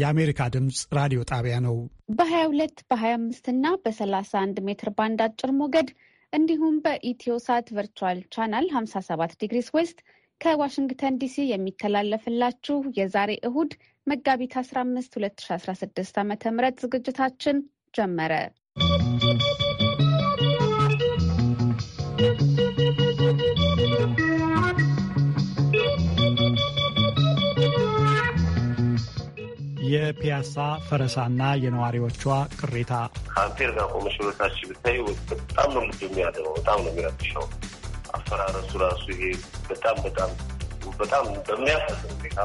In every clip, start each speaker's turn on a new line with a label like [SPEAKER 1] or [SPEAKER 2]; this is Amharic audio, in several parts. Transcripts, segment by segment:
[SPEAKER 1] የአሜሪካ ድምፅ ራዲዮ ጣቢያ ነው።
[SPEAKER 2] በ22 በ25 እና በ31 ሜትር ባንድ አጭር ሞገድ እንዲሁም በኢትዮሳት ቨርቹዋል ቻናል 57 ዲግሪስ ዌስት ከዋሽንግተን ዲሲ የሚተላለፍላችሁ የዛሬ እሁድ መጋቢት 15 2016 ዓ ም ዝግጅታችን ጀመረ።
[SPEAKER 1] የፒያሳ ፈረሳና የነዋሪዎቿ ቅሬታ ከአምፔር ጋር
[SPEAKER 3] ቆመሽ በታች ብታይ በጣም ነው ምድ የሚያደረው በጣም ነው የሚረብሸው። አፈራረሱ ራሱ ይሄ በጣም በጣም በጣም በሚያሳስ ሁኔታ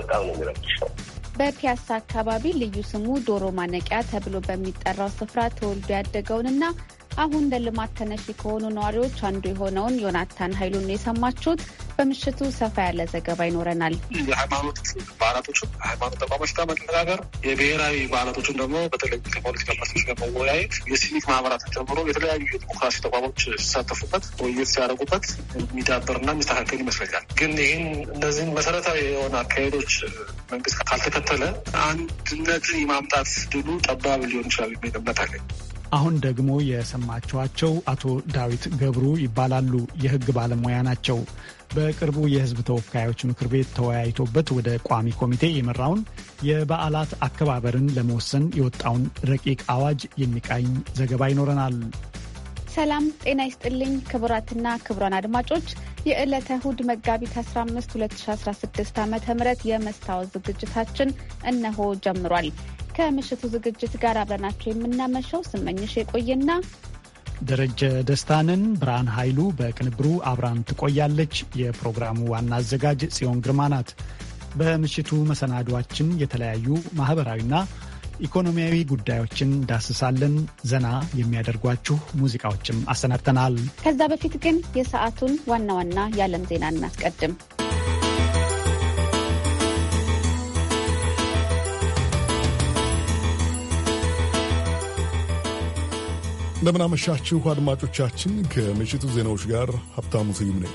[SPEAKER 3] በጣም ነው የሚረብሸው።
[SPEAKER 2] በፒያሳ አካባቢ ልዩ ስሙ ዶሮ ማነቂያ ተብሎ በሚጠራው ስፍራ ተወልዶ ያደገውንና አሁን ለልማት ተነሺ ከሆኑ ነዋሪዎች አንዱ የሆነውን ዮናታን ኃይሉን ነው የሰማችሁት። በምሽቱ ሰፋ ያለ ዘገባ ይኖረናል።
[SPEAKER 4] የሃይማኖት በዓላቶችን ሃይማኖት ተቋሞች ጋር መነጋገር፣ የብሔራዊ በዓላቶችን ደግሞ በተለይ ከፖለቲካ ፓርቲዎች ጋር መወያየት፣ የሲቪክ ማህበራትን ጀምሮ የተለያዩ የዲሞክራሲ ተቋሞች ሲሳተፉበት ውይይት ሲያደርጉበት የሚዳበርና የሚስተካከል ይመስለኛል። ግን ይህን እነዚህን መሰረታዊ የሆነ አካሄዶች መንግስት ካልተከተለ አንድነትን የማምጣት ድሉ ጠባብ ሊሆን ይችላል የሚል እምነት አለኝ።
[SPEAKER 1] አሁን ደግሞ የሰማችኋቸው አቶ ዳዊት ገብሩ ይባላሉ። የህግ ባለሙያ ናቸው። በቅርቡ የህዝብ ተወካዮች ምክር ቤት ተወያይቶበት ወደ ቋሚ ኮሚቴ የመራውን የበዓላት አከባበርን ለመወሰን የወጣውን ረቂቅ አዋጅ የሚቃኝ ዘገባ ይኖረናል።
[SPEAKER 2] ሰላም ጤና ይስጥልኝ ክቡራትና ክቡራን አድማጮች የዕለተ እሁድ መጋቢት 15 2016 ዓ ም የመስታወት ዝግጅታችን እነሆ ጀምሯል። ከምሽቱ ዝግጅት ጋር አብረናቸው የምናመሸው ስመኝሽ የቆየና
[SPEAKER 1] ደረጀ ደስታንን ብርሃን ኃይሉ በቅንብሩ አብራን ትቆያለች። የፕሮግራሙ ዋና አዘጋጅ ጽዮን ግርማ ናት። በምሽቱ መሰናዷችን የተለያዩ ማህበራዊና ኢኮኖሚያዊ ጉዳዮችን ዳስሳለን። ዘና የሚያደርጓችሁ ሙዚቃዎችም አሰናድተናል።
[SPEAKER 2] ከዛ በፊት ግን የሰዓቱን ዋና ዋና የዓለም ዜና እናስቀድም።
[SPEAKER 5] እንደምናመሻችሁ አድማጮቻችን፣ ከምሽቱ ዜናዎች ጋር ሀብታሙ ስዩም ነኝ።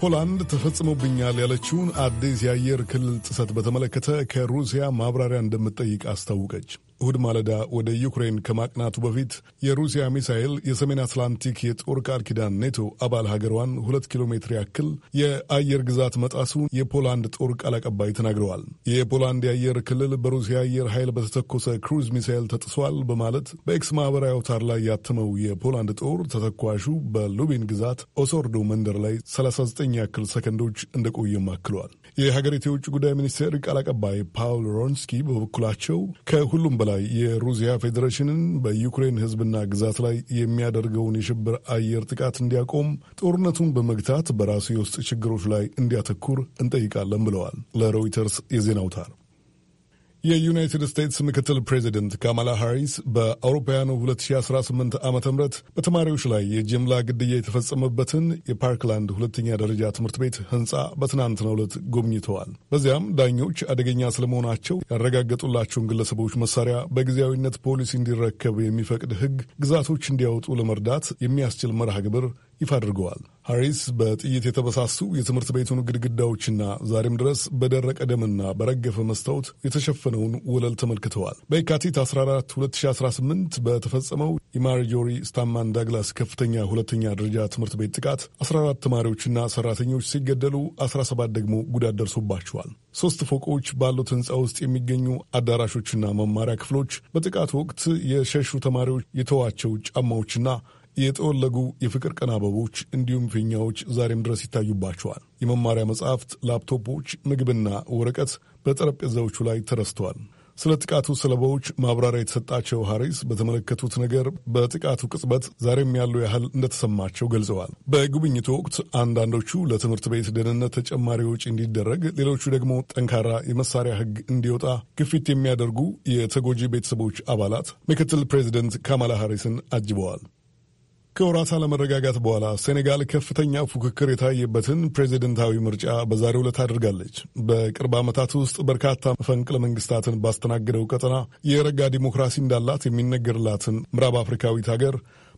[SPEAKER 5] ፖላንድ ተፈጽሞብኛል ያለችውን አዲስ የአየር ክልል ጥሰት በተመለከተ ከሩሲያ ማብራሪያ እንደምትጠይቅ አስታውቀች። እሁድ ማለዳ ወደ ዩክሬን ከማቅናቱ በፊት የሩሲያ ሚሳኤል የሰሜን አትላንቲክ የጦር ቃል ኪዳን ኔቶ አባል ሀገሯን ሁለት ኪሎ ሜትር ያክል የአየር ግዛት መጣሱን የፖላንድ ጦር ቃል አቀባይ ተናግረዋል። የፖላንድ የአየር ክልል በሩሲያ አየር ኃይል በተተኮሰ ክሩዝ ሚሳኤል ተጥሷል በማለት በኤክስ ማህበራዊ አውታር ላይ ያተመው የፖላንድ ጦር ተተኳሹ በሉቢን ግዛት ኦሶርዶ መንደር ላይ 39 ያክል ሰከንዶች እንደቆየም አክሏል። የሀገሪቱ የውጭ ጉዳይ ሚኒስቴር ቃል አቀባይ ፓውል ሮንስኪ በበኩላቸው ከሁሉም በላይ የሩሲያ ፌዴሬሽንን በዩክሬን ሕዝብና ግዛት ላይ የሚያደርገውን የሽብር አየር ጥቃት እንዲያቆም ጦርነቱን በመግታት በራሱ የውስጥ ችግሮች ላይ እንዲያተኩር እንጠይቃለን ብለዋል ለሮይተርስ የዜና አውታር። የዩናይትድ ስቴትስ ምክትል ፕሬዚደንት ካማላ ሃሪስ በአውሮፓውያኑ 2018 ዓ ም በተማሪዎች ላይ የጅምላ ግድያ የተፈጸመበትን የፓርክላንድ ሁለተኛ ደረጃ ትምህርት ቤት ህንፃ በትናንትናው ዕለት ጎብኝተዋል። በዚያም ዳኞች አደገኛ ስለመሆናቸው ያረጋገጡላቸውን ግለሰቦች መሳሪያ በጊዜያዊነት ፖሊስ እንዲረከብ የሚፈቅድ ህግ ግዛቶች እንዲያወጡ ለመርዳት የሚያስችል መርሃ ግብር ይፋ አድርገዋል። ሃሪስ በጥይት የተበሳሱ የትምህርት ቤቱን ግድግዳዎችና ዛሬም ድረስ በደረቀ ደምና በረገፈ መስታወት የተሸፈነውን ወለል ተመልክተዋል። በየካቲት 14 2018 በተፈጸመው የማርጆሪ ስታማን ዳግላስ ከፍተኛ ሁለተኛ ደረጃ ትምህርት ቤት ጥቃት 14 ተማሪዎችና ሰራተኞች ሲገደሉ 17 ደግሞ ጉዳት ደርሶባቸዋል። ሶስት ፎቆች ባሉት ህንፃ ውስጥ የሚገኙ አዳራሾችና መማሪያ ክፍሎች በጥቃት ወቅት የሸሹ ተማሪዎች የተዋቸው ጫማዎችና የተወለጉ የፍቅር ቀና አበቦች እንዲሁም ፊኛዎች ዛሬም ድረስ ይታዩባቸዋል። የመማሪያ መጽሐፍት፣ ላፕቶፖች፣ ምግብና ወረቀት በጠረጴዛዎቹ ላይ ተረስተዋል። ስለ ጥቃቱ ሰለባዎች ማብራሪያ የተሰጣቸው ሐሪስ በተመለከቱት ነገር በጥቃቱ ቅጽበት ዛሬም ያለው ያህል እንደተሰማቸው ገልጸዋል። በጉብኝቱ ወቅት አንዳንዶቹ ለትምህርት ቤት ደህንነት ተጨማሪ ወጪ እንዲደረግ፣ ሌሎቹ ደግሞ ጠንካራ የመሳሪያ ሕግ እንዲወጣ ግፊት የሚያደርጉ የተጎጂ ቤተሰቦች አባላት ምክትል ፕሬዚደንት ካማላ ሐሪስን አጅበዋል። ከወራት አለመረጋጋት በኋላ ሴኔጋል ከፍተኛ ፉክክር የታየበትን ፕሬዚደንታዊ ምርጫ በዛሬው ዕለት አድርጋለች። በቅርብ ዓመታት ውስጥ በርካታ መፈንቅለ መንግስታትን ባስተናገደው ቀጠና የረጋ ዲሞክራሲ እንዳላት የሚነገርላትን ምዕራብ አፍሪካዊት ሀገር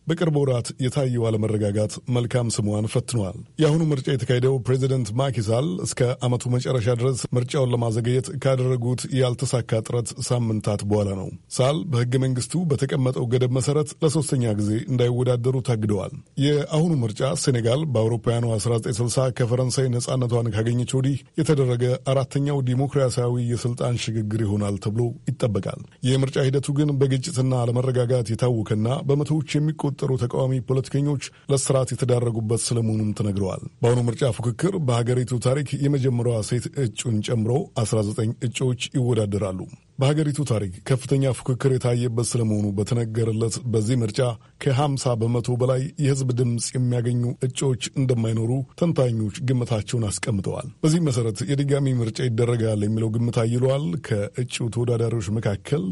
[SPEAKER 5] በቅርብ ወራት የታየው አለመረጋጋት መልካም ስሟን ፈትኗል። የአሁኑ ምርጫ የተካሄደው ፕሬዚደንት ማኪሳል እስከ ዓመቱ መጨረሻ ድረስ ምርጫውን ለማዘገየት ካደረጉት ያልተሳካ ጥረት ሳምንታት በኋላ ነው። ሳል በሕገ መንግስቱ በተቀመጠው ገደብ መሠረት ለሦስተኛ ጊዜ እንዳይወዳደሩ ታግደዋል። የአሁኑ ምርጫ ሴኔጋል በአውሮፓውያኑ 1960 ከፈረንሳይ ነጻነቷን ካገኘች ወዲህ የተደረገ አራተኛው ዲሞክራሲያዊ የስልጣን ሽግግር ይሆናል ተብሎ ይጠበቃል። የምርጫ ሂደቱ ግን በግጭትና አለመረጋጋት የታወከና በመቶዎች የሚቆ የተቆጠሩ ተቃዋሚ ፖለቲከኞች ለስርዓት የተዳረጉበት ስለመሆኑም ተነግረዋል። በአሁኑ ምርጫ ፉክክር በሀገሪቱ ታሪክ የመጀመሪያዋ ሴት እጩን ጨምሮ 19 እጩዎች ይወዳደራሉ። በሀገሪቱ ታሪክ ከፍተኛ ፉክክር የታየበት ስለመሆኑ በተነገረለት በዚህ ምርጫ ከ50 በመቶ በላይ የህዝብ ድምፅ የሚያገኙ እጩዎች እንደማይኖሩ ተንታኞች ግምታቸውን አስቀምጠዋል። በዚህ መሰረት የድጋሚ ምርጫ ይደረጋል የሚለው ግምት አይሏል። ከእጩ ተወዳዳሪዎች መካከል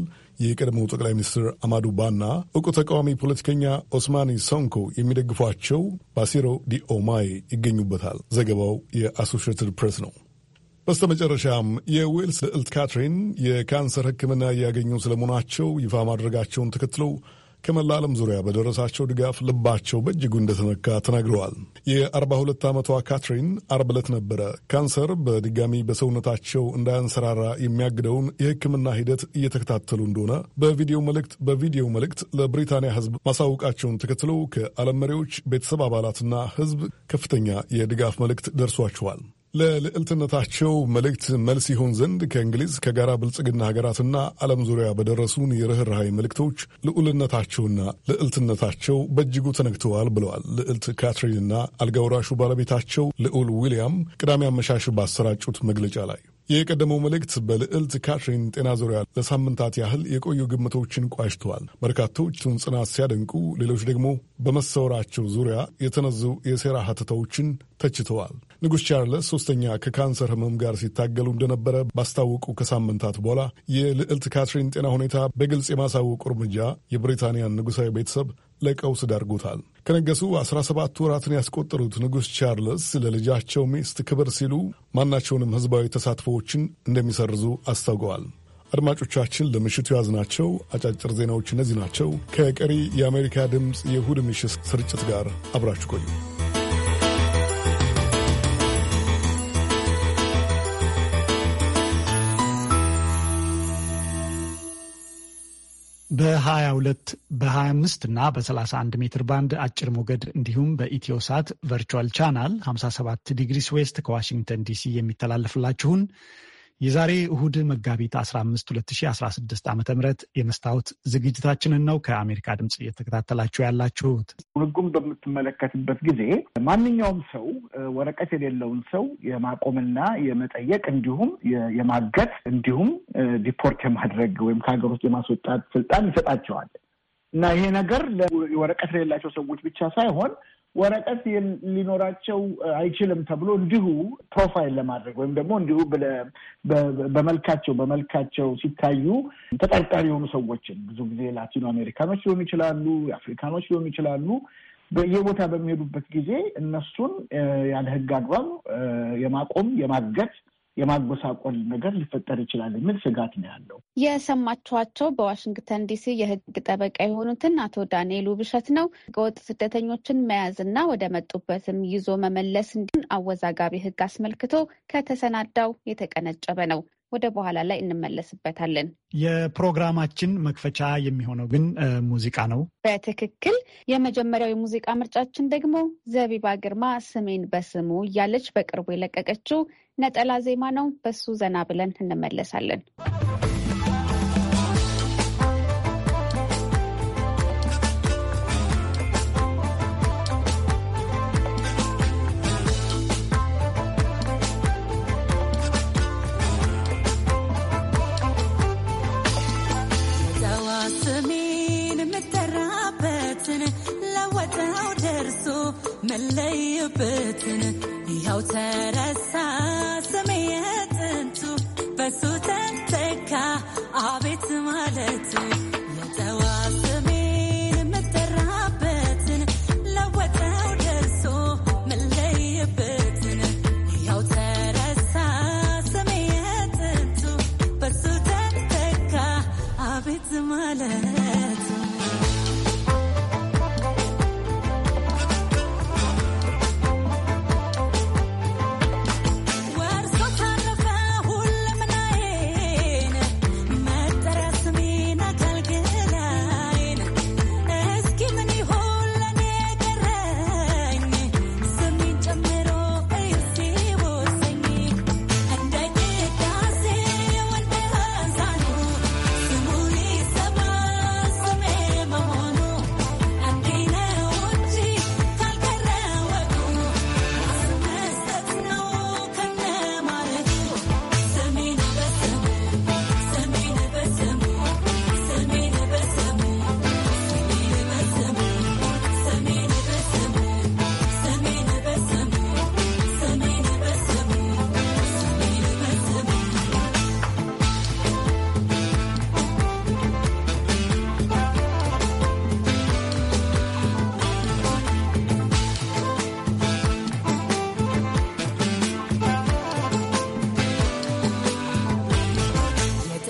[SPEAKER 5] የቀድሞው ጠቅላይ ሚኒስትር አማዱ ባና እውቁ ተቃዋሚ ፖለቲከኛ ኦስማኒ ሶንኮ የሚደግፏቸው ባሲሮ ዲኦማይ ይገኙበታል። ዘገባው የአሶሽትድ ፕሬስ ነው። በስተመጨረሻም የዌልስ ልዕልት ካትሪን የካንሰር ሕክምና እያገኙ ስለመሆናቸው ይፋ ማድረጋቸውን ተከትለው ከመላ ዓለም ዙሪያ በደረሳቸው ድጋፍ ልባቸው በእጅጉ እንደተነካ ተናግረዋል። የ42 ዓመቷ ካትሪን አርብ ዕለት ነበረ ካንሰር በድጋሚ በሰውነታቸው እንዳያንሰራራ የሚያግደውን የሕክምና ሂደት እየተከታተሉ እንደሆነ በቪዲዮ መልእክት በቪዲዮ መልእክት ለብሪታንያ ሕዝብ ማሳወቃቸውን ተከትለው ከዓለም መሪዎች ቤተሰብ አባላትና ሕዝብ ከፍተኛ የድጋፍ መልእክት ደርሷቸዋል። ለልዕልትነታቸው መልእክት መልስ ይሆን ዘንድ ከእንግሊዝ ከጋራ ብልጽግና ሀገራትና ዓለም ዙሪያ በደረሱን የርኅራኄ መልእክቶች ልዑልነታቸውና ልዕልትነታቸው በእጅጉ ተነግተዋል ብለዋል። ልዕልት ካትሪንና አልጋውራሹ ባለቤታቸው ልዑል ዊልያም ቅዳሜ አመሻሽ ባሰራጩት መግለጫ ላይ የቀደመው መልእክት በልዕልት ካትሪን ጤና ዙሪያ ለሳምንታት ያህል የቆዩ ግምቶችን ቋጭተዋል። በርካቶቹን ጽናት ሲያደንቁ፣ ሌሎች ደግሞ በመሰወራቸው ዙሪያ የተነዙ የሴራ ሀተታዎችን ተችተዋል። ንጉሥ ቻርለስ ሶስተኛ ከካንሰር ህመም ጋር ሲታገሉ እንደነበረ ባስታወቁ ከሳምንታት በኋላ የልዕልት ካትሪን ጤና ሁኔታ በግልጽ የማሳወቁ እርምጃ የብሪታንያን ንጉሳዊ ቤተሰብ ለቀውስ ዳርጎታል። ከነገሱ 17 ወራትን ያስቆጠሩት ንጉሥ ቻርልስ ለልጃቸው ሚስት ክብር ሲሉ ማናቸውንም ህዝባዊ ተሳትፎዎችን እንደሚሰርዙ አስታውቀዋል። አድማጮቻችን ለምሽቱ ናቸው አጫጭር ዜናዎች እነዚህ ናቸው። ከቀሪ የአሜሪካ ድምፅ የእሁድ ምሽት ስርጭት ጋር አብራችሁ ቆዩ።
[SPEAKER 1] በ22 በ25 እና በ31 ሜትር ባንድ አጭር ሞገድ እንዲሁም በኢትዮሳት ቨርቹዋል ቻናል 57 ዲግሪስ ዌስት ከዋሽንግተን ዲሲ የሚተላለፍላችሁን የዛሬ እሁድ መጋቢት 15 2016 ዓ ም የመስታወት ዝግጅታችንን ነው ከአሜሪካ ድምፅ እየተከታተላችሁ ያላችሁት።
[SPEAKER 6] ህጉም በምትመለከትበት ጊዜ ማንኛውም ሰው ወረቀት የሌለውን ሰው የማቆምና የመጠየቅ እንዲሁም የማገት እንዲሁም ዲፖርት የማድረግ ወይም ከሀገር ውስጥ የማስወጣት ስልጣን ይሰጣቸዋል እና ይሄ ነገር ወረቀት ለሌላቸው ሰዎች ብቻ ሳይሆን ወረቀት ሊኖራቸው አይችልም ተብሎ እንዲሁ ፕሮፋይል ለማድረግ ወይም ደግሞ እንዲሁ በመልካቸው በመልካቸው ሲታዩ ተጠርጣሪ የሆኑ ሰዎችን ብዙ ጊዜ ላቲኖ አሜሪካኖች ሊሆኑ ይችላሉ፣ የአፍሪካኖች ሊሆኑ ይችላሉ። በየቦታ በሚሄዱበት ጊዜ እነሱን ያለ ሕግ አግባብ የማቆም የማገት የማጎሳቆል ነገር ሊፈጠር ይችላል የሚል
[SPEAKER 2] ስጋት ነው ያለው። የሰማችኋቸው በዋሽንግተን ዲሲ የህግ ጠበቃ የሆኑትን አቶ ዳንኤሉ ብሸት ነው። ህገወጥ ስደተኞችን መያዝና ወደ መጡበትም ይዞ መመለስ እንዲሁን አወዛጋቢ ህግ አስመልክቶ ከተሰናዳው የተቀነጨበ ነው። ወደ በኋላ ላይ እንመለስበታለን።
[SPEAKER 1] የፕሮግራማችን መክፈቻ የሚሆነው ግን ሙዚቃ ነው።
[SPEAKER 2] በትክክል የመጀመሪያው የሙዚቃ ምርጫችን ደግሞ ዘቢባ ግርማ ስሜን በስሙ እያለች በቅርቡ የለቀቀችው ነጠላ ዜማ ነው። በሱ ዘና ብለን እንመለሳለን።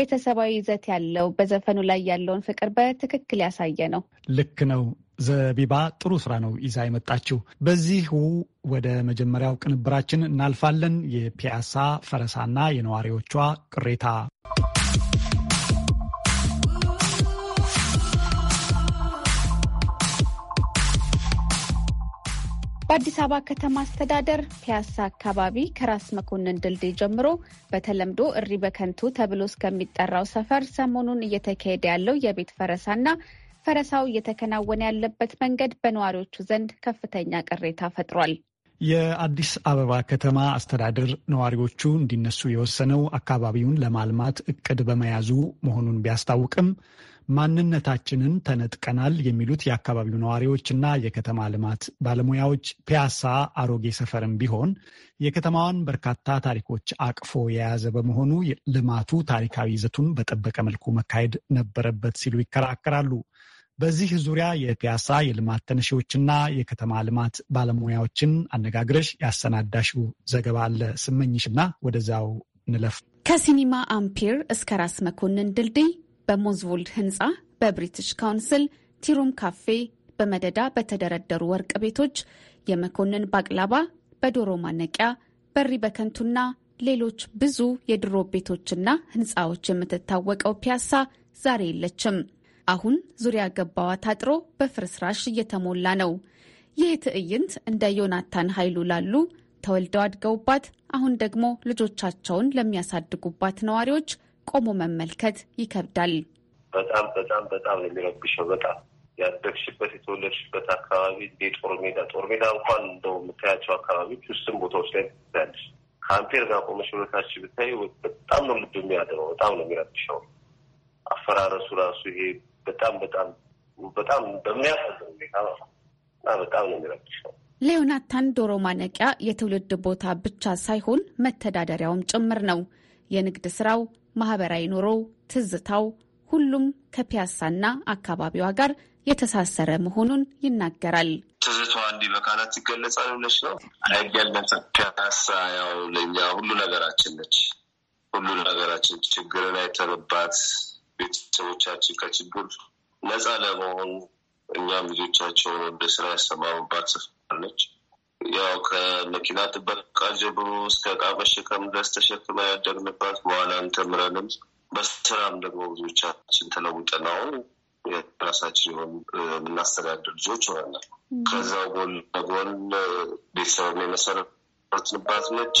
[SPEAKER 2] ቤተሰባዊ ይዘት ያለው በዘፈኑ ላይ ያለውን ፍቅር በትክክል ያሳየ ነው።
[SPEAKER 1] ልክ ነው። ዘቢባ ጥሩ ስራ ነው ይዛ የመጣችው። በዚሁ ወደ መጀመሪያው ቅንብራችን እናልፋለን። የፒያሳ ፈረሳና የነዋሪዎቿ ቅሬታ
[SPEAKER 2] በአዲስ አበባ ከተማ አስተዳደር ፒያሳ አካባቢ ከራስ መኮንን ድልድይ ጀምሮ በተለምዶ እሪ በከንቱ ተብሎ እስከሚጠራው ሰፈር ሰሞኑን እየተካሄደ ያለው የቤት ፈረሳና ፈረሳው እየተከናወነ ያለበት መንገድ በነዋሪዎቹ ዘንድ ከፍተኛ ቅሬታ ፈጥሯል።
[SPEAKER 1] የአዲስ አበባ ከተማ አስተዳደር ነዋሪዎቹ እንዲነሱ የወሰነው አካባቢውን ለማልማት እቅድ በመያዙ መሆኑን ቢያስታውቅም ማንነታችንን ተነጥቀናል የሚሉት የአካባቢው ነዋሪዎችና የከተማ ልማት ባለሙያዎች ፒያሳ አሮጌ ሰፈርም ቢሆን የከተማዋን በርካታ ታሪኮች አቅፎ የያዘ በመሆኑ ልማቱ ታሪካዊ ይዘቱን በጠበቀ መልኩ መካሄድ ነበረበት ሲሉ ይከራከራሉ። በዚህ ዙሪያ የፒያሳ የልማት ተነሺዎችና የከተማ ልማት ባለሙያዎችን አነጋግረሽ ያሰናዳሽው ዘገባ አለ ስመኝሽና ወደዛው ንለፍ።
[SPEAKER 2] ከሲኒማ አምፒር እስከ ራስ መኮንን ድልድይ በሞዝቮልድ ህንፃ በብሪቲሽ ካውንስል ቲሩም ካፌ በመደዳ በተደረደሩ ወርቅ ቤቶች የመኮንን ባቅላባ፣ በዶሮ ማነቂያ፣ በሪ በከንቱና ሌሎች ብዙ የድሮ ቤቶችና ህንፃዎች የምትታወቀው ፒያሳ ዛሬ የለችም። አሁን ዙሪያ ገባዋ ታጥሮ በፍርስራሽ እየተሞላ ነው። ይህ ትዕይንት እንደ ዮናታን ኃይሉ ላሉ ተወልደው አድገውባት አሁን ደግሞ ልጆቻቸውን ለሚያሳድጉባት ነዋሪዎች ቆሞ መመልከት ይከብዳል።
[SPEAKER 3] በጣም በጣም በጣም የሚረብሸው። በጣም ያደግሽበት የተወለድሽበት አካባቢ እንደ ጦር ሜዳ ጦር ሜዳ እንኳን እንደው የምታያቸው አካባቢዎች ውስን ቦታዎች ላይ ትያለሽ። ከአምፔር ጋር ቆመሽ ሁለታች ብታይ በጣም ነው ልብ የሚያደረው። በጣም ነው የሚረብሸው። አፈራረሱ ራሱ ይሄ በጣም በጣም በጣም በሚያሳዝን ሁኔታ እና በጣም ነው የሚረብሸው።
[SPEAKER 2] ለዮናታን ዶሮ ማነቂያ የትውልድ ቦታ ብቻ ሳይሆን መተዳደሪያውም ጭምር ነው። የንግድ ስራው ማህበራዊ ኑሮው፣ ትዝታው ሁሉም ከፒያሳና አካባቢዋ ጋር የተሳሰረ መሆኑን ይናገራል።
[SPEAKER 3] ትዝቷ እንዲህ በቃላት ይገለጻል ብለሽ ነው አይገለጽ። ፒያሳ ያው ለእኛ ሁሉ ነገራችን ነች። ሁሉ ነገራችን ችግርን አይተንባት ቤተሰቦቻችን ከችግር ነፃ ለመሆን እኛም ልጆቻቸውን ወደ ስራ ያሰማሩባት ስፍራ ነች። ያው ከመኪና ጥበቃ ጀምሮ እስከ እቃ መሸከም ድረስ ተሸክመ ያደግንባት በኋላ ተምረንም በስራም ደግሞ ብዙዎቻችን ተለውጠን አሁን የራሳችን የሆን የምናስተዳድር ልጆች ሆነናል። ከዛው ጎን ለጎን ቤተሰብ የመሰረትንባት ነች።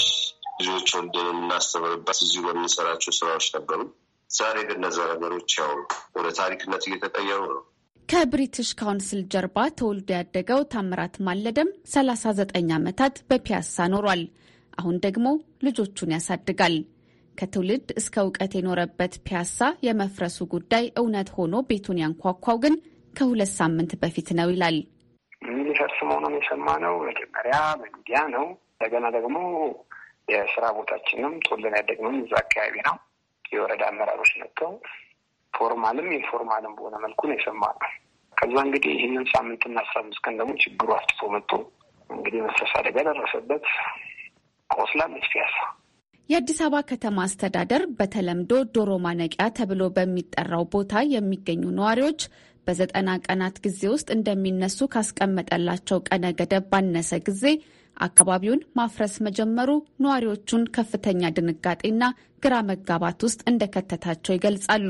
[SPEAKER 3] ልጆች ወልደ የምናስተምርባት እዚህ በምንሰራቸው ስራዎች ነበሩ። ዛሬ ግን እነዛ ነገሮች ያው ወደ ታሪክነት እየተቀየሩ ነው።
[SPEAKER 2] ከብሪቲሽ ካውንስል ጀርባ ተወልዶ ያደገው ታምራት ማለደም 39 ዓመታት በፒያሳ ኖሯል። አሁን ደግሞ ልጆቹን ያሳድጋል። ከትውልድ እስከ እውቀት የኖረበት ፒያሳ የመፍረሱ ጉዳይ እውነት ሆኖ ቤቱን ያንኳኳው ግን ከሁለት ሳምንት በፊት ነው ይላል።
[SPEAKER 7] ሊፈርስ መሆኑን የሰማነው መጀመሪያ በሚዲያ ነው። እንደገና ደግሞ የስራ ቦታችንም ቶለን ያደግነው እዛ አካባቢ ነው። የወረዳ አመራሮች መጥተው ፎርማልም ኢንፎርማልም በሆነ መልኩ ነው የሰማነው። ከዛ እንግዲህ ይህንን ሳምንትና አስራ አምስት ቀን ደግሞ ችግሩ አስጥፎ መጥቶ እንግዲህ መሰስ አደጋ ደረሰበት። ቆስላለች ፒያሳ።
[SPEAKER 2] የአዲስ አበባ ከተማ አስተዳደር በተለምዶ ዶሮ ማነቂያ ተብሎ በሚጠራው ቦታ የሚገኙ ነዋሪዎች በዘጠና ቀናት ጊዜ ውስጥ እንደሚነሱ ካስቀመጠላቸው ቀነ ገደብ ባነሰ ጊዜ አካባቢውን ማፍረስ መጀመሩ ነዋሪዎቹን ከፍተኛ ድንጋጤና ግራ መጋባት ውስጥ እንደከተታቸው ይገልጻሉ።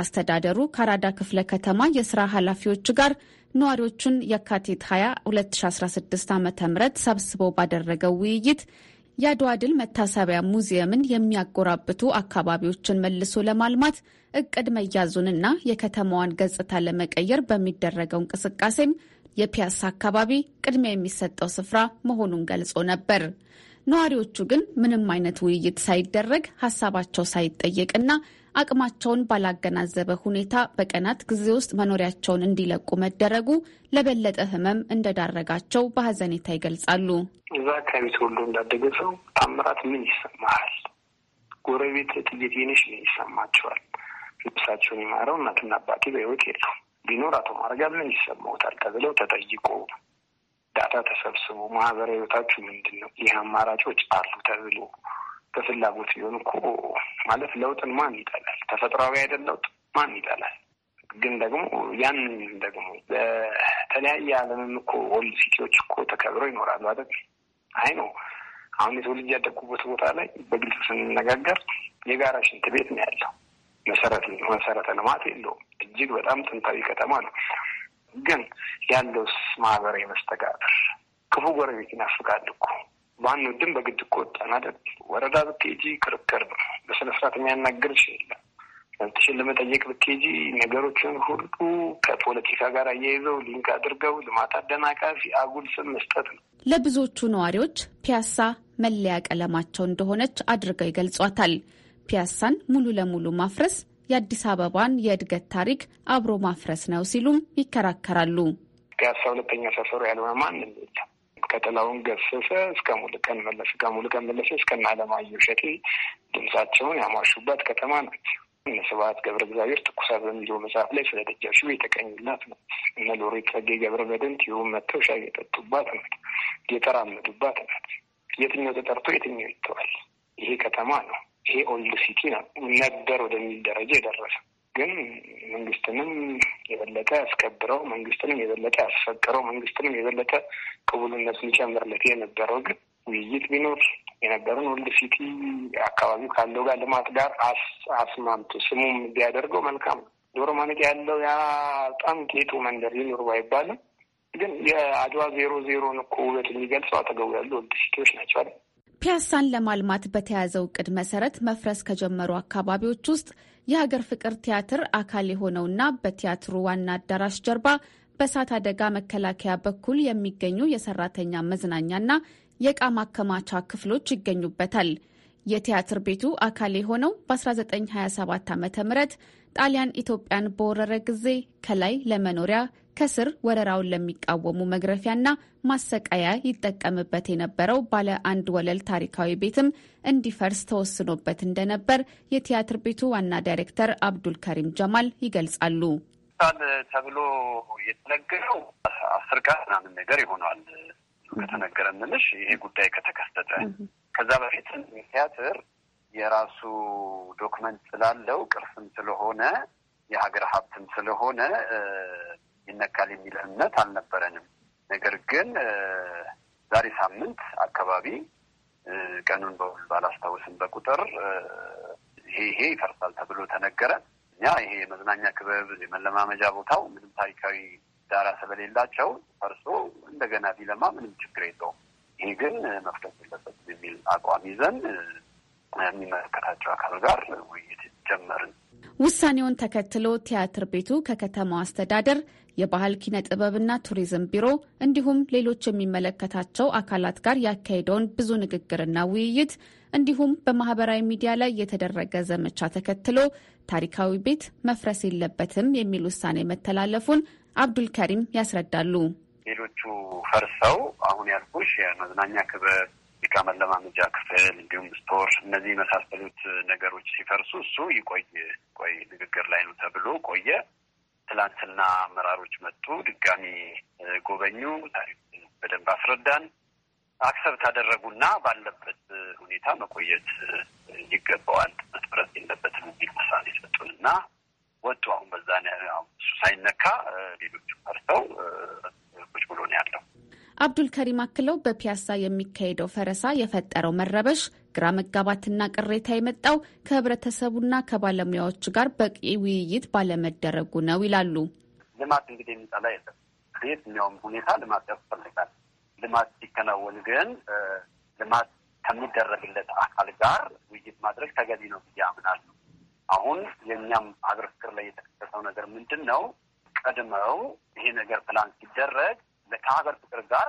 [SPEAKER 2] አስተዳደሩ ከአራዳ ክፍለ ከተማ የስራ ኃላፊዎች ጋር ነዋሪዎቹን የካቲት 20 2016 ዓ ም ሰብስቦ ባደረገው ውይይት የአድዋ ድል መታሰቢያ ሙዚየምን የሚያጎራብቱ አካባቢዎችን መልሶ ለማልማት እቅድ መያዙንና የከተማዋን ገጽታ ለመቀየር በሚደረገው እንቅስቃሴም የፒያሳ አካባቢ ቅድሚያ የሚሰጠው ስፍራ መሆኑን ገልጾ ነበር። ነዋሪዎቹ ግን ምንም አይነት ውይይት ሳይደረግ ሀሳባቸው ሳይጠየቅና አቅማቸውን ባላገናዘበ ሁኔታ በቀናት ጊዜ ውስጥ መኖሪያቸውን እንዲለቁ መደረጉ ለበለጠ ሕመም እንደዳረጋቸው በሀዘኔታ ይገልጻሉ።
[SPEAKER 8] እዛ አካባቢ
[SPEAKER 7] ተወልዶ እንዳደገ ሰው ታምራት ምን ይሰማሃል? ጎረቤት እትዬ ጤነሽ ምን ይሰማቸዋል? ልብሳቸውን የማረው እናትና አባቴ በሕይወት የሉም ቢኖር አቶ ማረጋ ምን ይሰማውታል? ተብለው ተጠይቆ ዳታ ተሰብስቦ ማህበራዊ ህይወታችሁ ምንድን ነው? ይህ አማራጮች አሉ ተብሎ በፍላጎት ቢሆን እኮ ማለት ለውጥን ማን ይጠላል? ተፈጥሯዊ አይደል ለውጥ ማን ይጠላል? ግን ደግሞ ያንን ደግሞ በተለያየ ዓለምም እኮ ወልድ ሲቲዎች እኮ ተከብረው ይኖራሉ አይደል? አይ ነው አሁን የተወልጅ ያደጉበት ቦታ ላይ በግልጽ ስንነጋገር የጋራ ሽንት ቤት ነው ያለው። መሰረት መሰረተ ልማት የለውም። እጅግ በጣም ጥንታዊ ከተማ ነው። ግን ያለውስ ማህበራዊ መስተጋብር ክፉ ጎረቤት ይናፍቃል እኮ ድን በግድ እኮ ወጣን አይደል? ወረዳ ብትሄጂ ክርክር ነው። በስነ ስርዓት የሚያናግርሽ የለም። መብትሽን ለመጠየቅ ብትሄጂ ነገሮችን ሁሉ ከፖለቲካ ጋር አያይዘው ሊንክ አድርገው ልማት አደናቃፊ አጉል ስም መስጠት ነው።
[SPEAKER 2] ለብዙዎቹ ነዋሪዎች ፒያሳ መለያ ቀለማቸው እንደሆነች አድርገው ይገልጿታል። ፒያሳን ሙሉ ለሙሉ ማፍረስ የአዲስ አበባን የእድገት ታሪክ አብሮ ማፍረስ ነው ሲሉም ይከራከራሉ።
[SPEAKER 7] ከአስራ ሁለተኛ ሰፈሩ ያልሆነ ማንም የለም። ከጥላሁን ገሰሰ እስከ ሙሉቀን መለሰ፣ ከሙሉቀን መለሰ እስከ አለማየሁ እሸቴ ድምጻቸውን ያሟሹባት ከተማ ናት። እነ ስብሐት ገብረ እግዚአብሔር ትኩሳት በሚለው መጽሐፍ ላይ ስለ ደጃችሁ የተቀኙላት ነው። እነ ሎሬት ጸጌ ገብረ መድኅን ይሁን መጥተው ሻይ የጠጡባት ናት፣ የተራመዱባት ናት። የትኛው ተጠርቶ የትኛው ይተዋል? ይሄ ከተማ ነው። ይሄ ኦልድ ሲቲ ነው ነበር ወደሚል ደረጃ የደረሰ ግን መንግስትንም የበለጠ ያስከብረው፣ መንግስትንም የበለጠ ያስፈቅረው፣ መንግስትንም የበለጠ ቅቡልነት ይጨምርለት የነበረው ግን ውይይት ቢኖር የነበረን ወልድ ሲቲ አካባቢው ካለው ጋር ልማት ጋር አስማምቶ ስሙም ቢያደርገው መልካም ነው። ዶሮ ማነቅ ያለው ያ በጣም ጌጡ መንደር ሊኖር ባይባልም ግን የአድዋ ዜሮ ዜሮን እኮ ውበት የሚገልጸው አጠገቡ ያሉ ወልድ ሲቲዎች ናቸው አይደል?
[SPEAKER 2] ፒያሳን ለማልማት በተያዘው እቅድ መሰረት መፍረስ ከጀመሩ አካባቢዎች ውስጥ የሀገር ፍቅር ቲያትር አካል የሆነውና በቲያትሩ ዋና አዳራሽ ጀርባ በእሳት አደጋ መከላከያ በኩል የሚገኙ የሰራተኛ መዝናኛና የእቃ ማከማቻ ክፍሎች ይገኙበታል። የቲያትር ቤቱ አካል የሆነው በ1927 ዓ ም ጣሊያን ኢትዮጵያን በወረረ ጊዜ ከላይ ለመኖሪያ ከስር ወረራውን ለሚቃወሙ መግረፊያና ማሰቃያ ይጠቀምበት የነበረው ባለ አንድ ወለል ታሪካዊ ቤትም እንዲፈርስ ተወስኖበት እንደነበር የቲያትር ቤቱ ዋና ዳይሬክተር አብዱል ከሪም ጀማል ይገልጻሉ።
[SPEAKER 3] ሳል ተብሎ የተነገረው አስር ቀን ምናምን ነገር ይሆነዋል ከተነገረ ምንሽ ይሄ ጉዳይ ከተከሰተ ከዛ በፊት ቲያትር የራሱ ዶክመንት ስላለው ቅርስም ስለሆነ የሀገር ሀብትም ስለሆነ ይነካል የሚል እምነት አልነበረንም። ነገር ግን ዛሬ ሳምንት አካባቢ ቀኑን በውል ባላስታውስም በቁጥር ይሄ ይሄ ይፈርሳል ተብሎ ተነገረ። እኛ ይሄ የመዝናኛ ክበብ የመለማመጃ ቦታው ምንም ታሪካዊ ዳራ ስለሌላቸው ፈርሶ እንደገና ቢለማ ምንም ችግር የለውም፣ ይሄ ግን መፍረስ የለበትም የሚል አቋም ይዘን የሚመለከታቸው አካል ጋር ውይይት ጀመርን።
[SPEAKER 2] ውሳኔውን ተከትሎ ቲያትር ቤቱ ከከተማው አስተዳደር የባህል ኪነ ጥበብና ቱሪዝም ቢሮ እንዲሁም ሌሎች የሚመለከታቸው አካላት ጋር ያካሄደውን ብዙ ንግግርና ውይይት እንዲሁም በማህበራዊ ሚዲያ ላይ የተደረገ ዘመቻ ተከትሎ ታሪካዊ ቤት መፍረስ የለበትም የሚል ውሳኔ መተላለፉን አብዱልከሪም ያስረዳሉ።
[SPEAKER 3] ሌሎቹ ፈርሰው አሁን ያልኩሽ የመዝናኛ ክበብ ሙዚቃ መለማመጃ ክፍል እንዲሁም ስቶር እነዚህ የመሳሰሉት ነገሮች ሲፈርሱ እሱ ይቆይ ቆይ ንግግር ላይ ነው ተብሎ ቆየ። ትላንትና አመራሮች መጡ፣ ድጋሚ ጎበኙ፣ በደንብ አስረዳን። አክሰብት አደረጉና ባለበት ሁኔታ መቆየት ይገባዋል፣ መጥብረት የለበትም የሚል ውሳኔ ሰጡን እና ወጡ። አሁን በዛ እሱ ሳይነካ ሌሎቹ ፈርተው ቁጭ
[SPEAKER 2] ብሎ ነው ያለው። አብዱል ከሪም አክለው በፒያሳ የሚካሄደው ፈረሳ የፈጠረው መረበሽ ግራ መጋባትና ቅሬታ የመጣው ከህብረተሰቡና ከባለሙያዎች ጋር በቂ ውይይት ባለመደረጉ ነው ይላሉ።
[SPEAKER 3] ልማት እንግዲህ የሚጠላ የለም። በየትኛውም ሁኔታ ልማት ያስፈልጋል። ልማት ሲከናወን ግን ልማት ከሚደረግለት አካል ጋር ውይይት ማድረግ ተገቢ ነው ብዬ አምናለሁ። አሁን የእኛም አገር ፍቅር ላይ የተከሰተው ነገር ምንድን ነው? ቀድመው ይሄ ነገር ፕላን ሲደረግ ከሀገር ፍቅር ጋር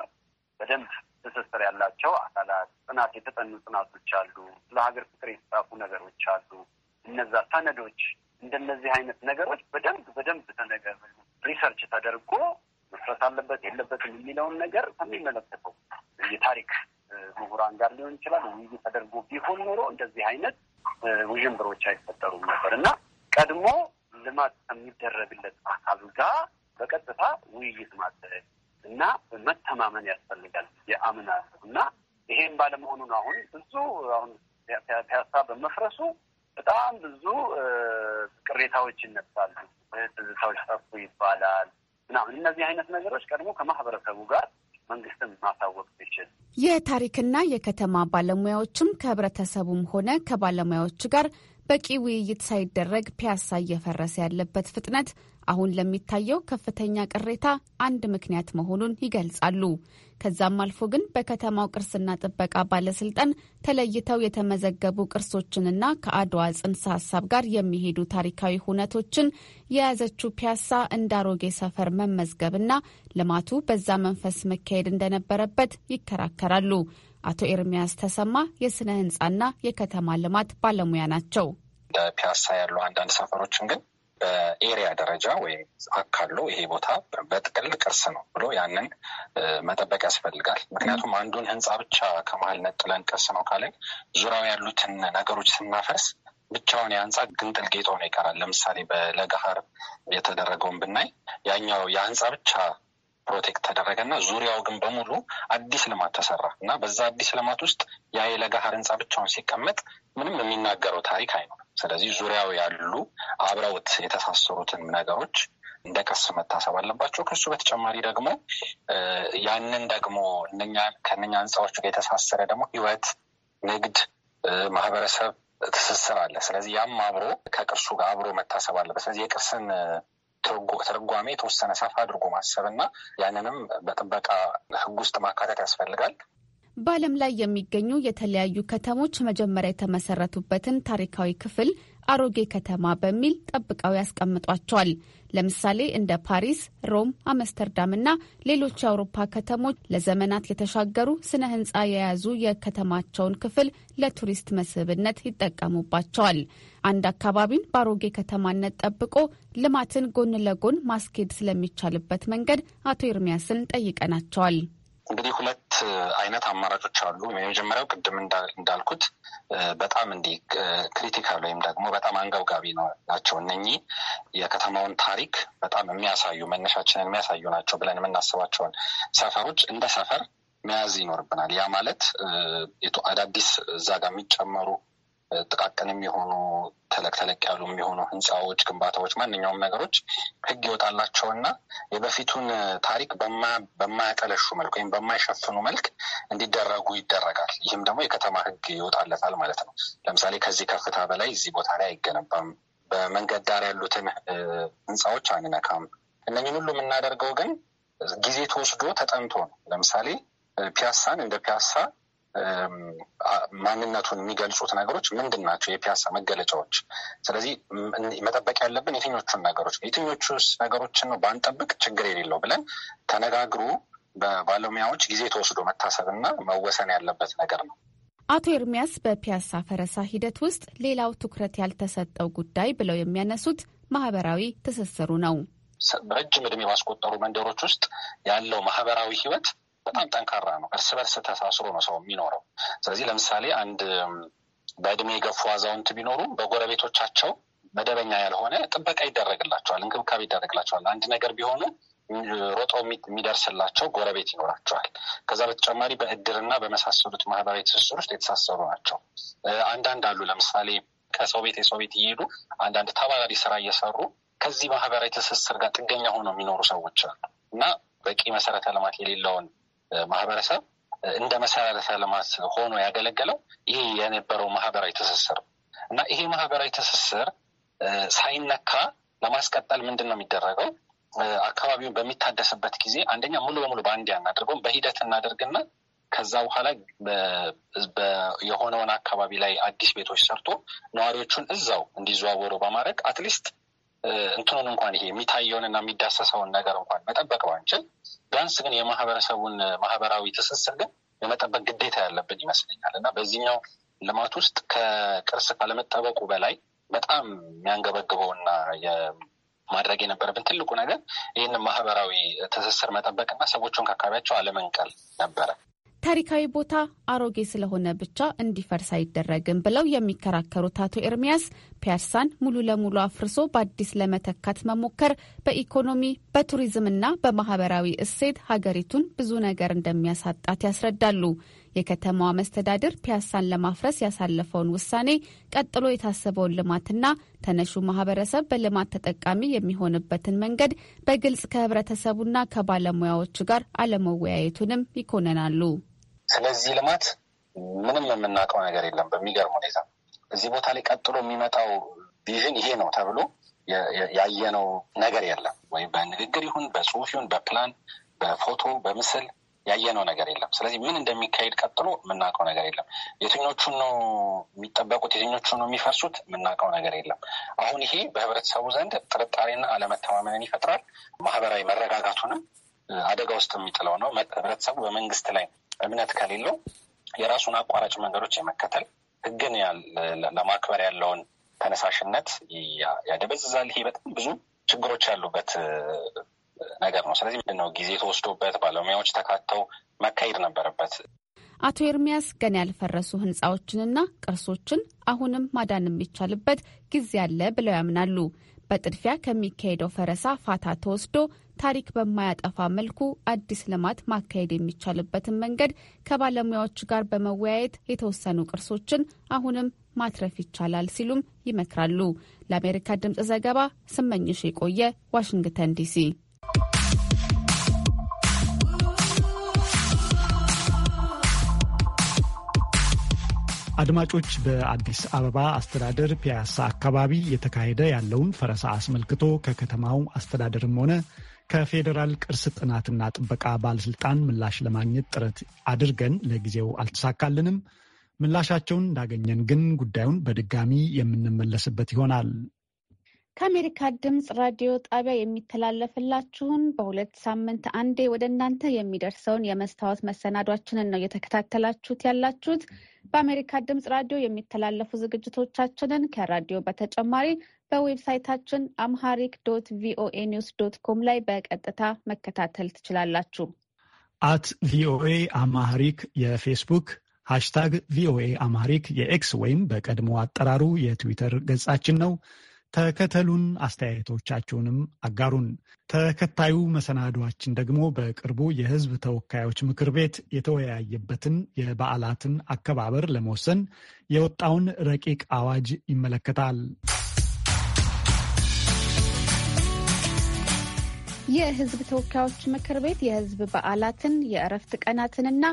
[SPEAKER 3] በደንብ ትስስር ያላቸው አካላት ጥናት የተጠኑ ጥናቶች አሉ። ስለ ሀገር ፍቅር የተጻፉ ነገሮች አሉ። እነዛ ሰነዶች እንደነዚህ አይነት ነገሮች በደንብ በደንብ ተነገር ሪሰርች ተደርጎ መፍረስ አለበት የለበትም የሚለውን ነገር ከሚመለከተው የታሪክ ምሁራን ጋር ሊሆን ይችላል ውይይት ተደርጎ ቢሆን ኖሮ እንደዚህ አይነት
[SPEAKER 7] ውዥንብሮች አይፈጠሩም
[SPEAKER 3] ነበር እና ቀድሞ ልማት ከሚደረግለት አካል ጋር በቀጥታ ውይይት ማድረግ እና መተማመን ያስፈልጋል የአምና እና ይሄም ባለመሆኑ ነው አሁን ብዙ አሁን ፒያሳ በመፍረሱ በጣም ብዙ ቅሬታዎች ይነሳሉ። ትዝታዎች ጠፉ ይባላል ምናምን። እነዚህ አይነት ነገሮች ቀድሞ ከማህበረሰቡ ጋር መንግስትን ማሳወቅ ይችል።
[SPEAKER 2] የታሪክና የከተማ ባለሙያዎችም ከህብረተሰቡም ሆነ ከባለሙያዎች ጋር በቂ ውይይት ሳይደረግ ፒያሳ እየፈረሰ ያለበት ፍጥነት አሁን ለሚታየው ከፍተኛ ቅሬታ አንድ ምክንያት መሆኑን ይገልጻሉ። ከዛም አልፎ ግን በከተማው ቅርስና ጥበቃ ባለስልጣን ተለይተው የተመዘገቡ ቅርሶችንና ከአድዋ ጽንሰ ሀሳብ ጋር የሚሄዱ ታሪካዊ ሁነቶችን የያዘችው ፒያሳ እንደ አሮጌ ሰፈር መመዝገብና ልማቱ በዛ መንፈስ መካሄድ እንደነበረበት ይከራከራሉ። አቶ ኤርሚያስ ተሰማ የስነ ህንፃና የከተማ ልማት ባለሙያ ናቸው።
[SPEAKER 9] እንደ ፒያሳ ያሉ አንዳንድ ሰፈሮችን ግን በኤሪያ ደረጃ ወይም አካሎ ይሄ ቦታ በጥቅል ቅርስ ነው ብሎ ያንን መጠበቅ ያስፈልጋል። ምክንያቱም አንዱን ህንፃ ብቻ ከመሀል ነጥለን ቅርስ ነው ካለን ዙሪያው ያሉትን ነገሮች ስናፈርስ ብቻውን የህንፃ ግንጥል ጌጦ ነው ይቀራል። ለምሳሌ በለገሀር የተደረገውን ብናይ ያኛው የህንፃ ብቻ ፕሮቴክት ተደረገና ዙሪያው ግን በሙሉ አዲስ ልማት ተሰራ እና በዛ አዲስ ልማት ውስጥ ያ የለጋሃር ህንፃ ብቻውን ሲቀመጥ ምንም የሚናገረው ታሪክ አይኖር። ስለዚህ ዙሪያው ያሉ አብረውት የተሳሰሩትን ነገሮች እንደ ቀስ መታሰብ አለባቸው። ከሱ በተጨማሪ ደግሞ ያንን ደግሞ ከነኛ ህንፃዎቹ ጋር የተሳሰረ ደግሞ ህይወት፣ ንግድ፣ ማህበረሰብ ትስስር አለ። ስለዚህ ያም አብሮ ከቅርሱ ጋር አብሮ መታሰብ አለበት። ስለዚህ የቅርስን ትርጓሜ የተወሰነ ሰፋ አድርጎ ማሰብ እና ያንንም በጥበቃ ህግ ውስጥ ማካተት ያስፈልጋል።
[SPEAKER 2] በዓለም ላይ የሚገኙ የተለያዩ ከተሞች መጀመሪያ የተመሰረቱበትን ታሪካዊ ክፍል አሮጌ ከተማ በሚል ጠብቀው ያስቀምጧቸዋል። ለምሳሌ እንደ ፓሪስ፣ ሮም፣ አምስተርዳም እና ሌሎች የአውሮፓ ከተሞች ለዘመናት የተሻገሩ ስነ ህንፃ የያዙ የከተማቸውን ክፍል ለቱሪስት መስህብነት ይጠቀሙባቸዋል። አንድ አካባቢን በአሮጌ ከተማነት ጠብቆ ልማትን ጎን ለጎን ማስኬድ ስለሚቻልበት መንገድ አቶ ኤርሚያስን ጠይቀናቸዋል።
[SPEAKER 9] እንግዲህ ሁለት አይነት አማራጮች አሉ። የመጀመሪያው ቅድም እንዳልኩት በጣም እንዲህ ክሪቲካል ወይም ደግሞ በጣም አንገብጋቢ ናቸው። እነኚህ የከተማውን ታሪክ በጣም የሚያሳዩ መነሻችንን የሚያሳዩ ናቸው ብለን የምናስባቸውን ሰፈሮች እንደ ሰፈር መያዝ ይኖርብናል። ያ ማለት አዳዲስ እዛ ጋር የሚጨመሩ ጥቃቅን የሚሆኑ ተለቅ ተለቅ ያሉ የሚሆኑ ህንፃዎች፣ ግንባታዎች፣ ማንኛውም ነገሮች ህግ ይወጣላቸው እና የበፊቱን ታሪክ በማያጠለሹ መልክ ወይም በማይሸፍኑ መልክ እንዲደረጉ ይደረጋል። ይህም ደግሞ የከተማ ህግ ይወጣለታል ማለት ነው። ለምሳሌ ከዚህ ከፍታ በላይ እዚህ ቦታ ላይ አይገነባም፣ በመንገድ ዳር ያሉትን ህንፃዎች አንነካም። እነኝን ሁሉ የምናደርገው ግን ጊዜ ተወስዶ ተጠንቶ ነው። ለምሳሌ ፒያሳን እንደ ፒያሳ ማንነቱን የሚገልጹት ነገሮች ምንድን ናቸው? የፒያሳ መገለጫዎች። ስለዚህ መጠበቅ ያለብን የትኞቹን ነገሮች የትኞቹ ነገሮችን ነው ባንጠብቅ ችግር የሌለው ብለን ተነጋግሮ በባለሙያዎች ጊዜ ተወስዶ መታሰብና መወሰን ያለበት ነገር
[SPEAKER 2] ነው። አቶ ኤርሚያስ በፒያሳ ፈረሳ ሂደት ውስጥ ሌላው ትኩረት ያልተሰጠው ጉዳይ ብለው የሚያነሱት ማህበራዊ ትስስሩ ነው።
[SPEAKER 7] በረጅም ዕድሜ ባስቆጠሩ መንደሮች
[SPEAKER 9] ውስጥ ያለው ማህበራዊ ህይወት በጣም ጠንካራ ነው። እርስ በርስ ተሳስሮ ነው ሰው የሚኖረው። ስለዚህ ለምሳሌ አንድ በእድሜ የገፉ አዛውንት ቢኖሩ በጎረቤቶቻቸው መደበኛ ያልሆነ ጥበቃ ይደረግላቸዋል፣ እንክብካቤ ይደረግላቸዋል። አንድ ነገር ቢሆኑ ሮጦ የሚደርስላቸው ጎረቤት ይኖራቸዋል። ከዛ በተጨማሪ በእድርና በመሳሰሉት ማህበራዊ ትስስር ውስጥ የተሳሰሩ ናቸው። አንዳንድ አሉ ለምሳሌ ከሰው ቤት የሰው ቤት እየሄዱ አንዳንድ ተባራሪ ስራ እየሰሩ ከዚህ ማህበራዊ ትስስር ጋር ጥገኛ ሆነው የሚኖሩ ሰዎች አሉ እና በቂ መሰረተ ልማት የሌለውን ማህበረሰብ እንደ መሰረተ ልማት ሆኖ ያገለገለው ይህ የነበረው ማህበራዊ ትስስር ነው እና ይሄ ማህበራዊ ትስስር ሳይነካ ለማስቀጠል ምንድን ነው የሚደረገው? አካባቢውን በሚታደስበት ጊዜ አንደኛ ሙሉ በሙሉ በአንድ አናደርገውም፣ በሂደት እናደርግና ከዛ በኋላ የሆነውን አካባቢ ላይ አዲስ ቤቶች ሰርቶ ነዋሪዎቹን እዛው እንዲዘዋወሩ በማድረግ አትሊስት እንትኑን እንኳን ይሄ የሚታየውንና የሚዳሰሰውን ነገር እንኳን መጠበቅ ባንችል፣ ቢያንስ ግን የማህበረሰቡን ማህበራዊ ትስስር ግን የመጠበቅ ግዴታ ያለብን ይመስለኛል እና በዚህኛው ልማት ውስጥ ከቅርስ ካለመጠበቁ በላይ በጣም የሚያንገበግበውና ማድረግ የነበረብን ትልቁ ነገር ይህንን ማህበራዊ ትስስር መጠበቅና ሰዎቹን ከአካባቢያቸው አለመንቀል ነበረ።
[SPEAKER 2] ታሪካዊ ቦታ አሮጌ ስለሆነ ብቻ እንዲፈርስ አይደረግም ብለው የሚከራከሩት አቶ ኤርሚያስ ፒያሳን ሙሉ ለሙሉ አፍርሶ በአዲስ ለመተካት መሞከር በኢኮኖሚ በቱሪዝምና በማህበራዊ እሴት ሀገሪቱን ብዙ ነገር እንደሚያሳጣት ያስረዳሉ። የከተማዋ መስተዳድር ፒያሳን ለማፍረስ ያሳለፈውን ውሳኔ ቀጥሎ የታሰበውን ልማትና ተነሹ ማህበረሰብ በልማት ተጠቃሚ የሚሆንበትን መንገድ በግልጽ ከህብረተሰቡና ከባለሙያዎቹ ጋር አለመወያየቱንም ይኮነናሉ። ስለዚህ
[SPEAKER 9] ልማት ምንም የምናውቀው ነገር የለም። በሚገርም ሁኔታ እዚህ ቦታ ላይ ቀጥሎ የሚመጣው ቪዥን ይሄ ነው ተብሎ ያየነው ነገር የለም። ወይም በንግግር ይሁን በጽሁፍ ይሁን በፕላን በፎቶ በምስል ያየነው ነገር የለም። ስለዚህ ምን እንደሚካሄድ ቀጥሎ የምናውቀው ነገር የለም። የትኞቹን ነው የሚጠበቁት፣ የትኞቹን ነው የሚፈርሱት የምናውቀው ነገር የለም። አሁን ይሄ በህብረተሰቡ ዘንድ ጥርጣሬና አለመተማመንን ይፈጥራል። ማህበራዊ መረጋጋቱንም አደጋ ውስጥ የሚጥለው ነው። ህብረተሰቡ በመንግስት ላይ እምነት ከሌለው የራሱን አቋራጭ መንገዶች የመከተል ህግን ለማክበር ያለውን ተነሳሽነት ያደበዝዛል። ይሄ በጣም ብዙ ችግሮች ያሉበት ነገር ነው። ስለዚህ ምንድነው ጊዜ ተወስዶበት ባለሙያዎች ተካተው መካሄድ ነበረበት።
[SPEAKER 2] አቶ ኤርሚያስ ገና ያልፈረሱ ህንፃዎችንና ቅርሶችን አሁንም ማዳን የሚቻልበት ጊዜ አለ ብለው ያምናሉ። በጥድፊያ ከሚካሄደው ፈረሳ ፋታ ተወስዶ ታሪክ በማያጠፋ መልኩ አዲስ ልማት ማካሄድ የሚቻልበትን መንገድ ከባለሙያዎች ጋር በመወያየት የተወሰኑ ቅርሶችን አሁንም ማትረፍ ይቻላል ሲሉም ይመክራሉ። ለአሜሪካ ድምፅ ዘገባ ስመኝሽ የቆየ ዋሽንግተን ዲሲ።
[SPEAKER 1] አድማጮች በአዲስ አበባ አስተዳደር ፒያሳ አካባቢ እየተካሄደ ያለውን ፈረሳ አስመልክቶ ከከተማው አስተዳደርም ሆነ ከፌዴራል ቅርስ ጥናትና ጥበቃ ባለስልጣን ምላሽ ለማግኘት ጥረት አድርገን ለጊዜው አልተሳካልንም። ምላሻቸውን እንዳገኘን ግን ጉዳዩን በድጋሚ የምንመለስበት ይሆናል።
[SPEAKER 2] ከአሜሪካ ድምፅ ራዲዮ ጣቢያ የሚተላለፍላችሁን በሁለት ሳምንት አንዴ ወደ እናንተ የሚደርሰውን የመስታወት መሰናዷችንን ነው እየተከታተላችሁት ያላችሁት። በአሜሪካ ድምፅ ራዲዮ የሚተላለፉ ዝግጅቶቻችንን ከራዲዮ በተጨማሪ በዌብሳይታችን አምሃሪክ ዶት ቪኦኤ ኒውስ ዶት ኮም ላይ በቀጥታ መከታተል ትችላላችሁ።
[SPEAKER 1] አት ቪኦኤ አማሪክ የፌስቡክ ሃሽታግ ቪኦኤ አማሪክ የኤክስ ወይም በቀድሞ አጠራሩ የትዊተር ገጻችን ነው። ተከተሉን፣ አስተያየቶቻችሁንም አጋሩን። ተከታዩ መሰናዷችን ደግሞ በቅርቡ የሕዝብ ተወካዮች ምክር ቤት የተወያየበትን የበዓላትን አከባበር ለመወሰን የወጣውን ረቂቅ አዋጅ ይመለከታል።
[SPEAKER 2] የህዝብ ተወካዮች ምክር ቤት የህዝብ በዓላትን የእረፍት ቀናትንና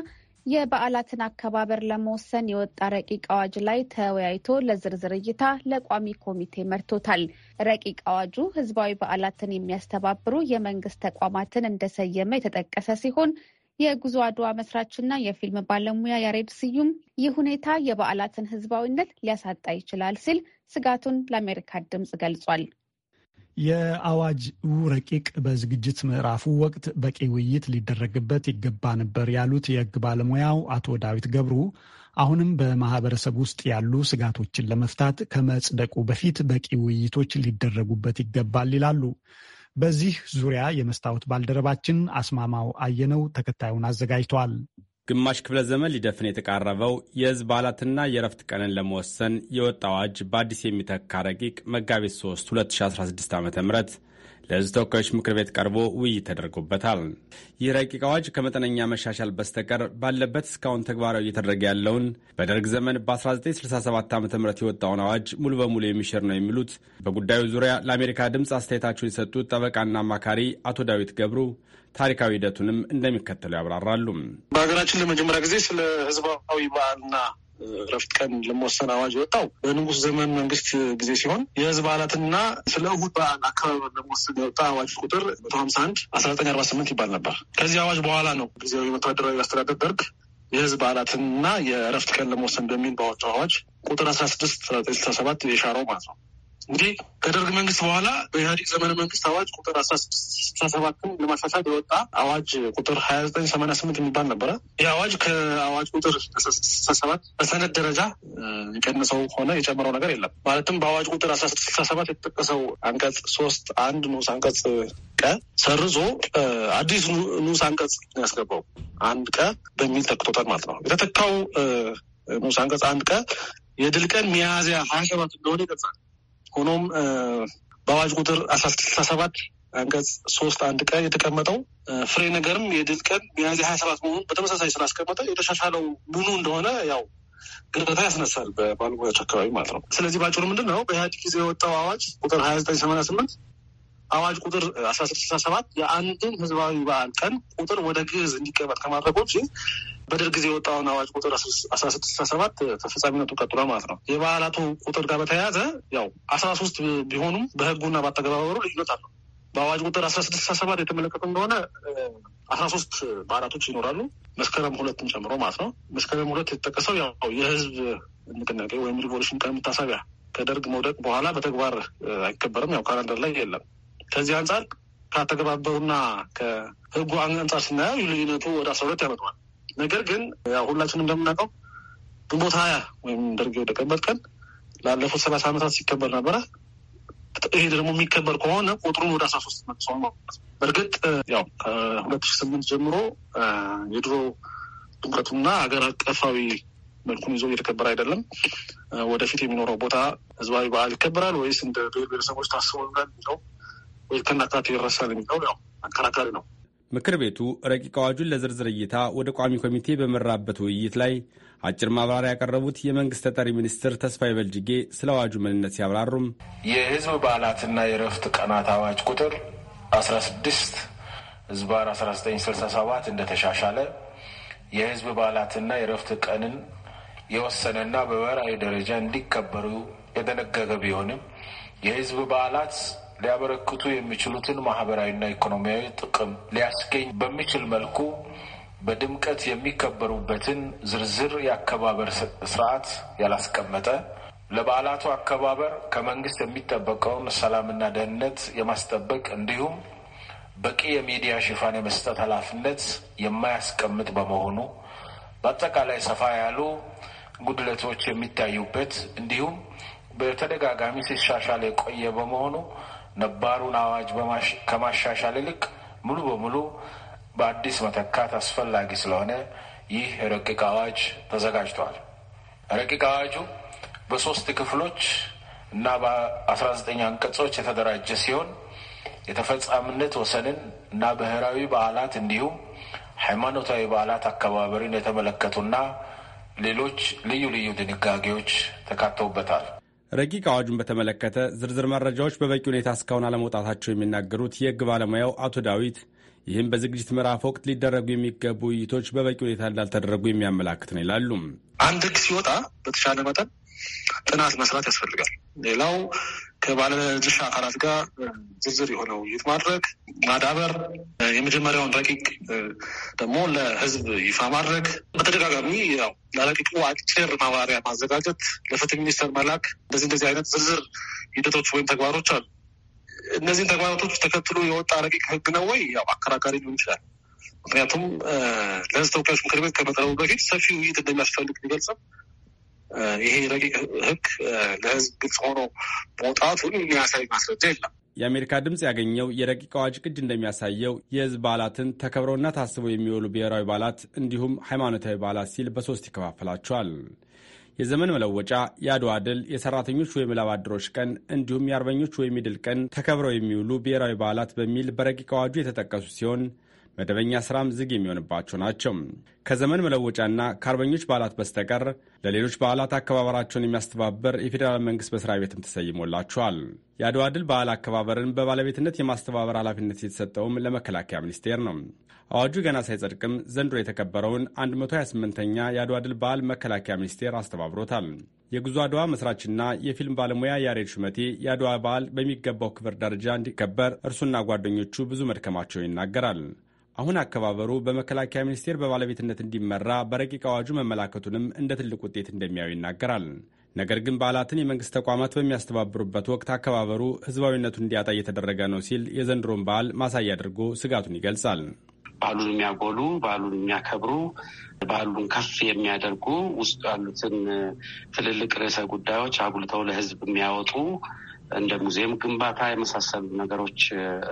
[SPEAKER 2] የበዓላትን አከባበር ለመወሰን የወጣ ረቂቅ አዋጅ ላይ ተወያይቶ ለዝርዝር እይታ ለቋሚ ኮሚቴ መርቶታል። ረቂቅ አዋጁ ህዝባዊ በዓላትን የሚያስተባብሩ የመንግስት ተቋማትን እንደሰየመ የተጠቀሰ ሲሆን የጉዞ አድዋ መስራችና የፊልም ባለሙያ ያሬድ ስዩም ይህ ሁኔታ የበዓላትን ህዝባዊነት ሊያሳጣ ይችላል ሲል ስጋቱን ለአሜሪካ ድምጽ ገልጿል።
[SPEAKER 1] የአዋጅ ረቂቅ በዝግጅት ምዕራፉ ወቅት በቂ ውይይት ሊደረግበት ይገባ ነበር ያሉት የሕግ ባለሙያው አቶ ዳዊት ገብሩ አሁንም በማህበረሰብ ውስጥ ያሉ ስጋቶችን ለመፍታት ከመጽደቁ በፊት በቂ ውይይቶች ሊደረጉበት ይገባል ይላሉ። በዚህ ዙሪያ የመስታወት ባልደረባችን አስማማው አየነው ተከታዩን አዘጋጅቷል።
[SPEAKER 10] ግማሽ ክፍለ ዘመን ሊደፍን የተቃረበው የህዝብ በዓላትና የእረፍት ቀንን ለመወሰን የወጣ አዋጅ በአዲስ የሚተካ ረቂቅ መጋቢት 3 2016 ዓ ም ለሕዝብ ተወካዮች ምክር ቤት ቀርቦ ውይይት ተደርጎበታል። ይህ ረቂቅ አዋጅ ከመጠነኛ መሻሻል በስተቀር ባለበት እስካሁን ተግባራዊ እየተደረገ ያለውን በደርግ ዘመን በ1967 ዓ ም የወጣውን አዋጅ ሙሉ በሙሉ የሚሽር ነው የሚሉት በጉዳዩ ዙሪያ ለአሜሪካ ድምፅ አስተያየታቸውን የሰጡት ጠበቃና አማካሪ አቶ ዳዊት ገብሩ ታሪካዊ ሂደቱንም እንደሚከተሉ ያብራራሉ።
[SPEAKER 4] በሀገራችን ለመጀመሪያ ጊዜ ስለ ህዝባዊ በዓልና እረፍት ቀን ለመወሰን አዋጅ የወጣው በንጉስ ዘመን መንግስት ጊዜ ሲሆን የህዝብ በዓላትና ስለ እሁድ በዓል አከባበር ለመወሰን የወጣ አዋጅ ቁጥር መቶ ሀምሳ አንድ አስራ ዘጠኝ አርባ ስምንት ይባል ነበር። ከዚህ አዋጅ በኋላ ነው ጊዜያዊ ወታደራዊ አስተዳደር ደርግ የህዝብ በዓላትንና የእረፍት ቀን ለመወሰን በሚል ባወጣው አዋጅ ቁጥር አስራ ስድስት ዘጠኝ ስልሳ ሰባት የሻረው ማለት ነው። እንግዲህ ከደርግ መንግስት በኋላ በኢህአዴግ ዘመነ መንግስት አዋጅ ቁጥር አስራ ስድስት ስልሳ ሰባትን ለማሻሻል የወጣ አዋጅ ቁጥር ሀያ ዘጠኝ ሰማንያ ስምንት የሚባል ነበረ። ይህ አዋጅ ከአዋጅ ቁጥር ስልሳ ሰባት በሰነድ ደረጃ የቀንሰው ሆነ የጨመረው ነገር የለም። ማለትም በአዋጅ ቁጥር አስራ ስድስት ስልሳ ሰባት የተጠቀሰው አንቀጽ ሶስት አንድ ንዑስ አንቀጽ ቀ ሰርዞ አዲስ ንዑስ አንቀጽ ያስገባው አንድ ቀ በሚል ተክቶታል ማለት ነው። የተተካው ንዑስ አንቀጽ አንድ ቀ የድል ቀን ሚያዝያ ሀያ ሰባት እንደሆነ ይገልጻል። ሆኖም በአዋጅ ቁጥር አስራ ስልሳ ሰባት አንቀጽ ሶስት አንድ ቀን የተቀመጠው ፍሬ ነገርም የድል ቀን ሚያዝያ ሀያ ሰባት መሆኑን በተመሳሳይ ስላስቀመጠ የተሻሻለው ምኑ እንደሆነ ያው ግርታ ያስነሳል በባለሙያዎች አካባቢ ማለት ነው። ስለዚህ ባጭሩ ምንድን ነው በኢህአዴግ ጊዜ የወጣው አዋጅ ቁጥር ሀያ ዘጠኝ ሰማንያ ስምንት አዋጅ ቁጥር አስራ ስልሳ ሰባት የአንድን ህዝባዊ በዓል ቀን ቁጥር ወደ ግዕዝ እንዲቀመጥ ከማድረጎች በደርግ ጊዜ የወጣውን አዋጅ ቁጥር አስራ ስድስት አስራ ሰባት ተፈጻሚነቱ ቀጥሏል ማለት ነው። የበዓላቱ ቁጥር ጋር በተያያዘ ያው አስራ ሶስት ቢሆኑም በህጉና በአተገባበሩ ልዩነት አለው። በአዋጅ ቁጥር አስራ ስድስት አስራ ሰባት የተመለከቱ እንደሆነ አስራ ሶስት በዓላቶች ይኖራሉ መስከረም ሁለትን ጨምሮ ማለት ነው። መስከረም ሁለት የተጠቀሰው ያው የህዝብ ንቅናቄ ወይም ሪቮሉሽን ቀን መታሰቢያ ከደርግ መውደቅ በኋላ በተግባር አይከበርም። ያው ካላንደር ላይ የለም። ከዚህ አንጻር ከተገባበሩና ከህጉ አንጻር ስናየው ልዩነቱ ወደ አስራ ሁለት ያመጣዋል። ነገር ግን ያው ሁላችንም እንደምናውቀው ግንቦት ሀያ ወይም ደርግ የወደቀበት ቀን ላለፉት ሰላሳ ዓመታት ሲከበር ነበረ። ይሄ ደግሞ የሚከበር ከሆነ ቁጥሩን ወደ አስራ ሶስት መልሶ በእርግጥ ያው ከሁለት ሺ ስምንት ጀምሮ የድሮ ድምቀቱና ሀገር አቀፋዊ መልኩን ይዞ እየተከበረ አይደለም። ወደፊት የሚኖረው ቦታ ህዝባዊ በዓል ይከበራል ወይስ እንደ ብሔር ብሔረሰቦች ታስቦ ይላል የሚለው ወይ ከናካቴ ይረሳል የሚለው ያው አከራካሪ ነው።
[SPEAKER 10] ምክር ቤቱ ረቂቅ አዋጁን ለዝርዝር እይታ ወደ ቋሚ ኮሚቴ በመራበት ውይይት ላይ አጭር ማብራሪያ ያቀረቡት የመንግስት ተጠሪ ሚኒስትር ተስፋዬ በልጅጌ ስለ አዋጁ ምንነት ሲያብራሩም
[SPEAKER 11] የህዝብ
[SPEAKER 12] በዓላትና የእረፍት ቀናት አዋጅ ቁጥር 16 ህዝባር 1967 እንደተሻሻለ የህዝብ በዓላትና የእረፍት ቀንን የወሰነና በብሔራዊ ደረጃ እንዲከበሩ የደነገገ ቢሆንም የህዝብ በዓላት ሊያበረክቱ የሚችሉትን ማህበራዊና ኢኮኖሚያዊ ጥቅም ሊያስገኝ በሚችል መልኩ በድምቀት የሚከበሩበትን ዝርዝር የአከባበር ስርዓት ያላስቀመጠ ለበዓላቱ አከባበር ከመንግስት የሚጠበቀውን ሰላምና ደህንነት የማስጠበቅ እንዲሁም በቂ የሚዲያ ሽፋን የመስጠት ኃላፊነት የማያስቀምጥ በመሆኑ በአጠቃላይ ሰፋ ያሉ ጉድለቶች የሚታዩበት እንዲሁም በተደጋጋሚ ሲሻሻል የቆየ በመሆኑ ነባሩን አዋጅ ከማሻሻል ይልቅ ሙሉ በሙሉ በአዲስ መተካት አስፈላጊ ስለሆነ ይህ ረቂቅ አዋጅ ተዘጋጅቷል። ረቂቅ አዋጁ በሶስት ክፍሎች እና በአስራ ዘጠኝ አንቀጾች የተደራጀ ሲሆን የተፈጻሚነት ወሰንን እና ብሔራዊ በዓላት እንዲሁም ሃይማኖታዊ በዓላት አከባበሪን የተመለከቱና ሌሎች ልዩ ልዩ ድንጋጌዎች ተካተውበታል።
[SPEAKER 10] ረቂቅ አዋጁን በተመለከተ ዝርዝር መረጃዎች በበቂ ሁኔታ እስካሁን አለመውጣታቸው የሚናገሩት የሕግ ባለሙያው አቶ ዳዊት ይህም በዝግጅት ምዕራፍ ወቅት ሊደረጉ የሚገቡ ውይይቶች በበቂ ሁኔታ እንዳልተደረጉ የሚያመላክት ነው ይላሉ።
[SPEAKER 4] አንድ ሕግ ሲወጣ በተሻለ መጠን ጥናት መስራት ያስፈልጋል። ሌላው ከባለድርሻ አካላት ጋር ዝርዝር የሆነ ውይይት ማድረግ፣ ማዳበር፣ የመጀመሪያውን ረቂቅ ደግሞ ለህዝብ ይፋ ማድረግ፣ በተደጋጋሚ ያው ለረቂቁ አጭር ማብራሪያ ማዘጋጀት፣ ለፍትህ ሚኒስቴር መላክ፣ እንደዚህ እንደዚህ አይነት ዝርዝር ሂደቶች ወይም ተግባሮች አሉ። እነዚህን ተግባራቶች ተከትሎ የወጣ ረቂቅ ህግ ነው ወይ? ያው አከራካሪ ሊሆን ይችላል። ምክንያቱም ለህዝብ ተወካዮች ምክር ቤት ከመቅረቡ በፊት ሰፊ ውይይት እንደሚያስፈልግ ሊገልጽም ይሄ ረቂቅ ህግ ለህዝብ ግልጽ ሆኖ መውጣቱን የሚያሳይ
[SPEAKER 10] ማስረጃ የለም። የአሜሪካ ድምፅ ያገኘው የረቂቅ አዋጅ ቅጅ እንደሚያሳየው የህዝብ በዓላትን ተከብረውና ታስበው የሚውሉ ብሔራዊ በዓላት እንዲሁም ሃይማኖታዊ በዓላት ሲል በሶስት ይከፋፈላቸዋል። የዘመን መለወጫ፣ የአድዋ ድል፣ የሰራተኞች ወይም ላባድሮች ቀን እንዲሁም የአርበኞች ወይም የድል ቀን ተከብረው የሚውሉ ብሔራዊ በዓላት በሚል በረቂቅ አዋጁ የተጠቀሱ ሲሆን መደበኛ ስራም ዝግ የሚሆንባቸው ናቸው። ከዘመን መለወጫና ከአርበኞች በዓላት በስተቀር ለሌሎች በዓላት አከባበራቸውን የሚያስተባበር የፌዴራል መንግስት መስሪያ ቤትም ተሰይሞላቸዋል። የአድዋ ድል በዓል አከባበርን በባለቤትነት የማስተባበር ኃላፊነት የተሰጠውም ለመከላከያ ሚኒስቴር ነው። አዋጁ ገና ሳይጸድቅም ዘንድሮ የተከበረውን 128ኛ የአድዋ ድል በዓል መከላከያ ሚኒስቴር አስተባብሮታል። የጉዞ አድዋ መስራችና የፊልም ባለሙያ ያሬድ ሹመቴ የአድዋ በዓል በሚገባው ክብር ደረጃ እንዲከበር እርሱና ጓደኞቹ ብዙ መድከማቸው ይናገራል። አሁን አከባበሩ በመከላከያ ሚኒስቴር በባለቤትነት እንዲመራ በረቂቅ አዋጁ መመላከቱንም እንደ ትልቅ ውጤት እንደሚያዩ ይናገራል። ነገር ግን በዓላትን የመንግሥት ተቋማት በሚያስተባብሩበት ወቅት አከባበሩ ህዝባዊነቱን እንዲያጣ እየተደረገ ነው ሲል የዘንድሮን በዓል ማሳያ አድርጎ ስጋቱን ይገልጻል።
[SPEAKER 13] በዓሉን የሚያጎሉ፣ በዓሉን የሚያከብሩ፣ በዓሉን ከፍ የሚያደርጉ ውስጡ ያሉትን ትልልቅ ርዕሰ ጉዳዮች አጉልተው ለህዝብ የሚያወጡ እንደ ሙዚየም ግንባታ የመሳሰሉ ነገሮች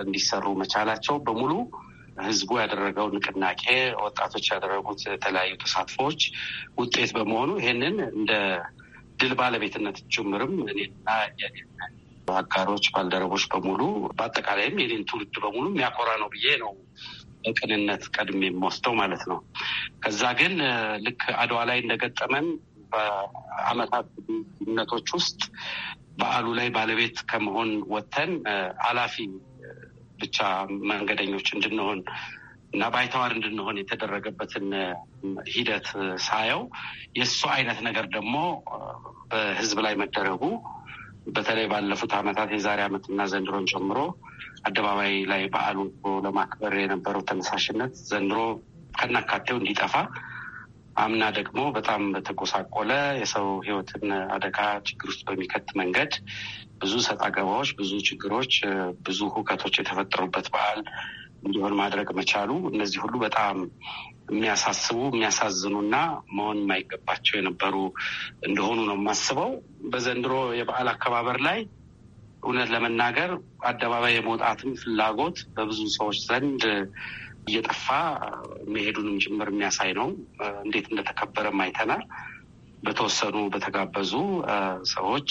[SPEAKER 13] እንዲሰሩ መቻላቸው በሙሉ ህዝቡ ያደረገው ንቅናቄ፣ ወጣቶች ያደረጉት የተለያዩ ተሳትፎዎች ውጤት በመሆኑ ይህንን እንደ ድል ባለቤትነት ጭምርም እኔና አጋሮች፣ ባልደረቦች በሙሉ በአጠቃላይም የኔን ትውልድ በሙሉ የሚያኮራ ነው ብዬ ነው በቅንነት ቀድሜ የምወስደው ማለት ነው። ከዛ ግን ልክ አድዋ ላይ እንደገጠመን በአመታት ነቶች ውስጥ በዓሉ ላይ ባለቤት ከመሆን ወጥተን አላፊ ብቻ መንገደኞች እንድንሆን እና ባይተዋር እንድንሆን የተደረገበትን ሂደት ሳየው የእሱ አይነት ነገር ደግሞ በህዝብ ላይ መደረጉ በተለይ ባለፉት አመታት የዛሬ እና ዘንድሮን ጨምሮ አደባባይ ላይ በዓሉ ለማክበር የነበረው ተነሳሽነት ዘንድሮ ከናካቴው እንዲጠፋ አምና ደግሞ በጣም በተጎሳቆለ የሰው ህይወትን አደጋ ችግር ውስጥ በሚከት መንገድ ብዙ ሰጣ ገባዎች፣ ብዙ ችግሮች፣ ብዙ ሁከቶች የተፈጠሩበት በዓል እንዲሆን ማድረግ መቻሉ እነዚህ ሁሉ በጣም የሚያሳስቡ የሚያሳዝኑና መሆን የማይገባቸው የነበሩ እንደሆኑ ነው የማስበው። በዘንድሮ የበዓል አከባበር ላይ እውነት ለመናገር አደባባይ የመውጣትም ፍላጎት በብዙ ሰዎች ዘንድ እየጠፋ መሄዱንም ጭምር የሚያሳይ ነው። እንዴት እንደተከበረም አይተናል። በተወሰኑ በተጋበዙ ሰዎች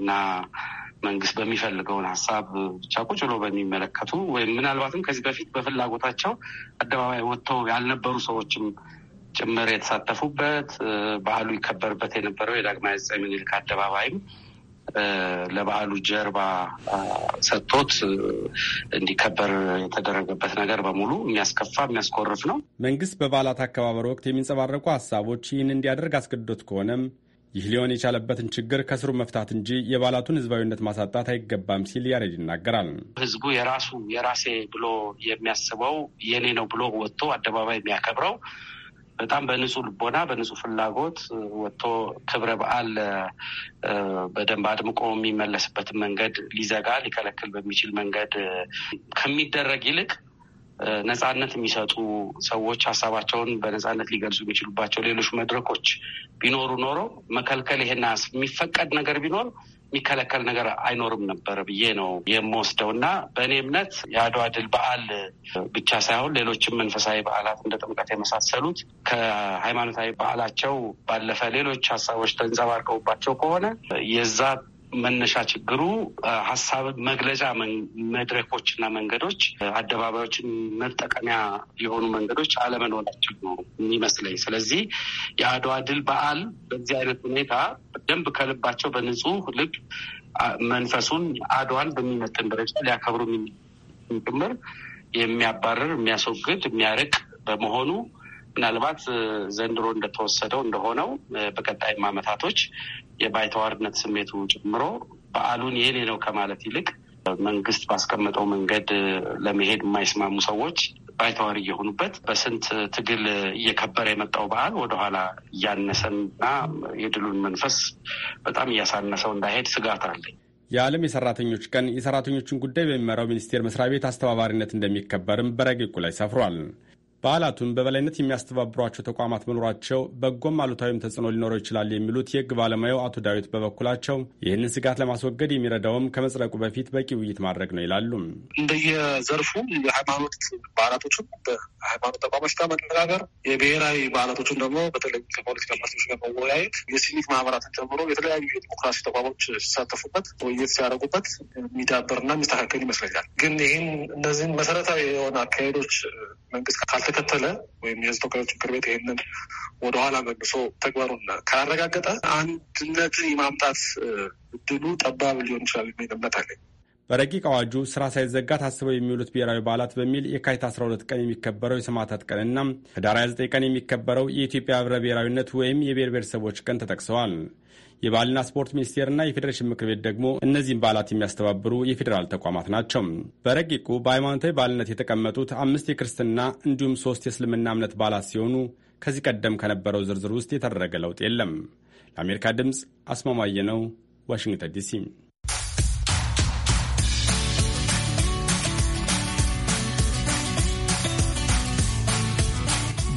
[SPEAKER 13] እና መንግስት በሚፈልገውን ሀሳብ ብቻ ቁጭ ብሎ በሚመለከቱ ወይም ምናልባትም ከዚህ በፊት በፍላጎታቸው አደባባይ ወጥተው ያልነበሩ ሰዎችም ጭምር የተሳተፉበት ባህሉ ይከበርበት የነበረው የዳግማዊ አፄ ምኒልክ አደባባይም ለባህሉ ጀርባ ሰጥቶት እንዲከበር የተደረገበት ነገር በሙሉ የሚያስከፋ
[SPEAKER 10] የሚያስኮርፍ ነው። መንግስት በበዓላት አከባበር ወቅት የሚንጸባረቁ ሀሳቦች ይህን እንዲያደርግ አስገድዶት ከሆነም ይህ ሊሆን የቻለበትን ችግር ከስሩ መፍታት እንጂ የባላቱን ህዝባዊነት ማሳጣት አይገባም ሲል ያሬድ ይናገራል።
[SPEAKER 13] ህዝቡ የራሱ የራሴ ብሎ የሚያስበው የኔ ነው ብሎ ወጥቶ አደባባይ የሚያከብረው በጣም በንጹህ ልቦና በንጹህ ፍላጎት ወጥቶ ክብረ በዓል በደንብ አድምቆ የሚመለስበትን መንገድ ሊዘጋ ሊከለክል በሚችል መንገድ ከሚደረግ ይልቅ ነጻነት የሚሰጡ ሰዎች ሀሳባቸውን በነጻነት ሊገልጹ የሚችሉባቸው ሌሎች መድረኮች ቢኖሩ ኖሮ መከልከል ይሄና የሚፈቀድ ነገር ቢኖር የሚከለከል ነገር አይኖርም ነበር ብዬ ነው የምወስደው እና በእኔ እምነት የአድዋ ድል በዓል ብቻ ሳይሆን ሌሎችም መንፈሳዊ በዓላት እንደ ጥምቀት የመሳሰሉት ከሃይማኖታዊ በዓላቸው ባለፈ ሌሎች ሀሳቦች ተንጸባርቀውባቸው ከሆነ የዛ መነሻ ችግሩ ሀሳብ መግለጫ መድረኮች እና መንገዶች፣ አደባባዮችን መጠቀሚያ የሆኑ መንገዶች አለመኖራቸው ነው የሚመስለኝ። ስለዚህ የአድዋ ድል በዓል በዚህ አይነት ሁኔታ ደንብ ከልባቸው በንጹህ ልብ መንፈሱን አድዋን በሚመጥን ደረጃ ሊያከብሩ ጭምር የሚያባርር የሚያስወግድ የሚያርቅ በመሆኑ ምናልባት ዘንድሮ እንደተወሰደው እንደሆነው በቀጣይም አመታቶች የባይተዋርነት ስሜቱ ጨምሮ በዓሉን የኔ ነው ከማለት ይልቅ መንግስት ባስቀመጠው መንገድ ለመሄድ የማይስማሙ ሰዎች ባይተዋር እየሆኑበት በስንት ትግል እየከበረ የመጣው በዓል ወደኋላ እያነሰንና የድሉን መንፈስ በጣም እያሳነሰው እንዳይሄድ ስጋት አለኝ።
[SPEAKER 10] የዓለም የሰራተኞች ቀን የሰራተኞችን ጉዳይ በሚመራው ሚኒስቴር መስሪያ ቤት አስተባባሪነት እንደሚከበርም በረቂቁ ላይ ሰፍሯል። በዓላቱን በበላይነት የሚያስተባብሯቸው ተቋማት መኖራቸው በጎም አሉታዊም ተጽዕኖ ሊኖረው ይችላል የሚሉት የሕግ ባለሙያው አቶ ዳዊት በበኩላቸው ይህንን ስጋት ለማስወገድ የሚረዳውም ከመጽረቁ በፊት በቂ ውይይት ማድረግ ነው ይላሉ።
[SPEAKER 4] እንደየዘርፉ የሃይማኖት በዓላቶችን በሃይማኖት ተቋሞች ጋር መነጋገር፣ የብሔራዊ በዓላቶችን ደግሞ በተለይ ከፖለቲካ ፓርቲዎች ጋር መወያየት፣ የሲቪክ ማህበራትን ጨምሮ የተለያዩ የዲሞክራሲ ተቋሞች ሲሳተፉበት ውይይት ሲያደርጉበት የሚዳበርና የሚስተካከል ይመስለኛል። ግን ይህን እነዚህን መሰረታዊ የሆነ አካሄዶች መንግስት ከተከተለ ወይም የህዝብ ተወካዮች ምክር ቤት ይህንን ወደኋላ መልሶ ተግባሩን ካረጋገጠ አንድነትን የማምጣት እድሉ ጠባብ ሊሆን ይችላል የሚል እምነት አለኝ።
[SPEAKER 10] በረቂቅ አዋጁ ስራ ሳይዘጋ ታስበው የሚውሉት ብሔራዊ በዓላት በሚል የካቲት 12 ቀን የሚከበረው የሰማዕታት ቀንና ህዳር 29 ቀን የሚከበረው የኢትዮጵያ ህብረ ብሔራዊነት ወይም የብሔር ብሔረሰቦች ቀን ተጠቅሰዋል። የባህልና ስፖርት ሚኒስቴርና የፌዴሬሽን ምክር ቤት ደግሞ እነዚህን በዓላት የሚያስተባብሩ የፌዴራል ተቋማት ናቸው። በረቂቁ በሃይማኖታዊ በዓልነት የተቀመጡት አምስት የክርስትና እንዲሁም ሶስት የእስልምና እምነት በዓላት ሲሆኑ ከዚህ ቀደም ከነበረው ዝርዝር ውስጥ የተደረገ ለውጥ የለም። ለአሜሪካ ድምፅ አስማማየ ነው፣ ዋሽንግተን ዲሲ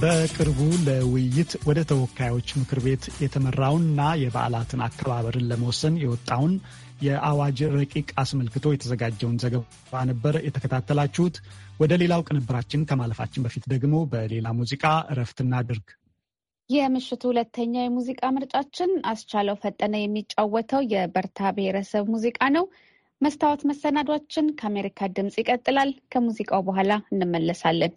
[SPEAKER 1] በቅርቡ ለውይይት ወደ ተወካዮች ምክር ቤት የተመራውንና የበዓላትን አከባበርን ለመወሰን የወጣውን የአዋጅ ረቂቅ አስመልክቶ የተዘጋጀውን ዘገባ ነበር የተከታተላችሁት። ወደ ሌላው ቅንብራችን ከማለፋችን በፊት ደግሞ በሌላ ሙዚቃ እረፍት እናድርግ።
[SPEAKER 2] የምሽቱ ሁለተኛ የሙዚቃ ምርጫችን አስቻለው ፈጠነ የሚጫወተው የበርታ ብሔረሰብ ሙዚቃ ነው። መስታወት መሰናዷችን ከአሜሪካ ድምፅ ይቀጥላል። ከሙዚቃው በኋላ እንመለሳለን።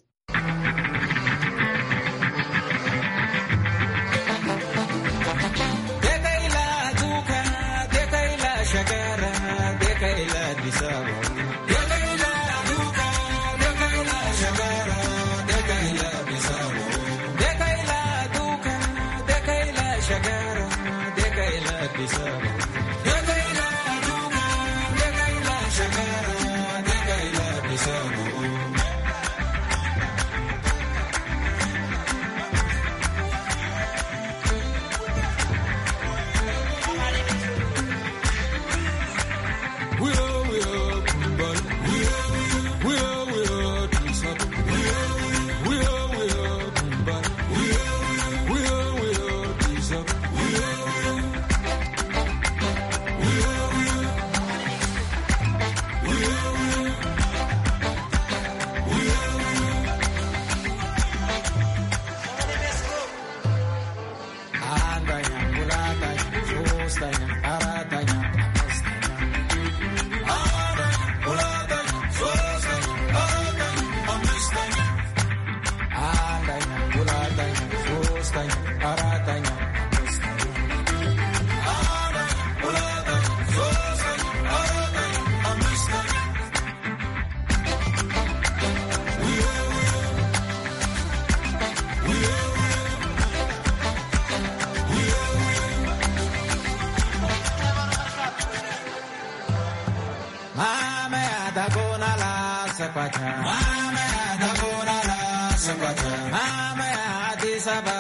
[SPEAKER 14] Mame adabona la sekwata. Mame adabona la sekwata. Mame adisaba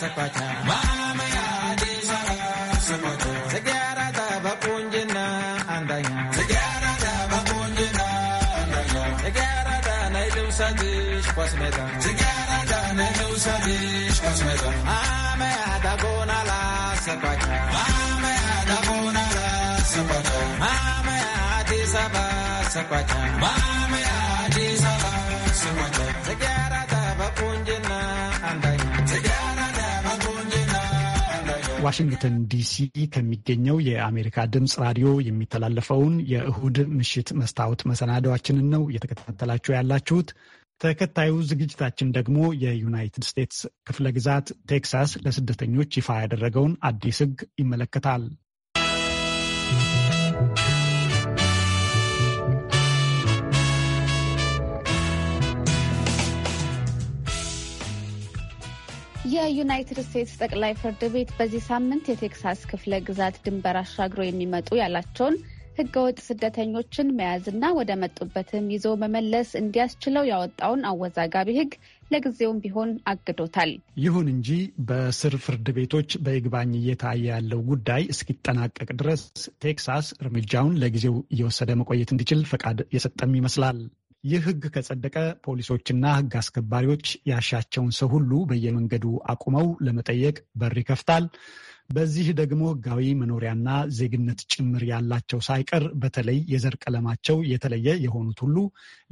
[SPEAKER 14] sekwata. Mame adisaba sekwata. Sekyara daba kunjina andanya. Sekyara daba kunjina andanya. Sekyara dana ilu sadish pasmeta. Sekyara dana ilu sadish pasmeta. Mame adabona la sekwata. Mame adabona la sekwata.
[SPEAKER 1] ዋሽንግተን ዲሲ ከሚገኘው የአሜሪካ ድምፅ ራዲዮ የሚተላለፈውን የእሁድ ምሽት መስታወት መሰናዶዋችንን ነው እየተከታተላችሁ ያላችሁት። ተከታዩ ዝግጅታችን ደግሞ የዩናይትድ ስቴትስ ክፍለ ግዛት ቴክሳስ ለስደተኞች ይፋ ያደረገውን አዲስ ሕግ ይመለከታል።
[SPEAKER 2] የዩናይትድ ስቴትስ ጠቅላይ ፍርድ ቤት በዚህ ሳምንት የቴክሳስ ክፍለ ግዛት ድንበር አሻግሮ የሚመጡ ያላቸውን ህገወጥ ስደተኞችን መያዝና ወደ መጡበትም ይዞ መመለስ እንዲያስችለው ያወጣውን አወዛጋቢ ህግ ለጊዜውም ቢሆን አግዶታል።
[SPEAKER 1] ይሁን እንጂ በስር ፍርድ ቤቶች በይግባኝ እየታየ ያለው ጉዳይ እስኪጠናቀቅ ድረስ ቴክሳስ እርምጃውን ለጊዜው እየወሰደ መቆየት እንዲችል ፈቃድ የሰጠም ይመስላል። ይህ ህግ ከጸደቀ ፖሊሶችና ህግ አስከባሪዎች ያሻቸውን ሰው ሁሉ በየመንገዱ አቁመው ለመጠየቅ በር ይከፍታል። በዚህ ደግሞ ህጋዊ መኖሪያና ዜግነት ጭምር ያላቸው ሳይቀር በተለይ የዘር ቀለማቸው የተለየ የሆኑት ሁሉ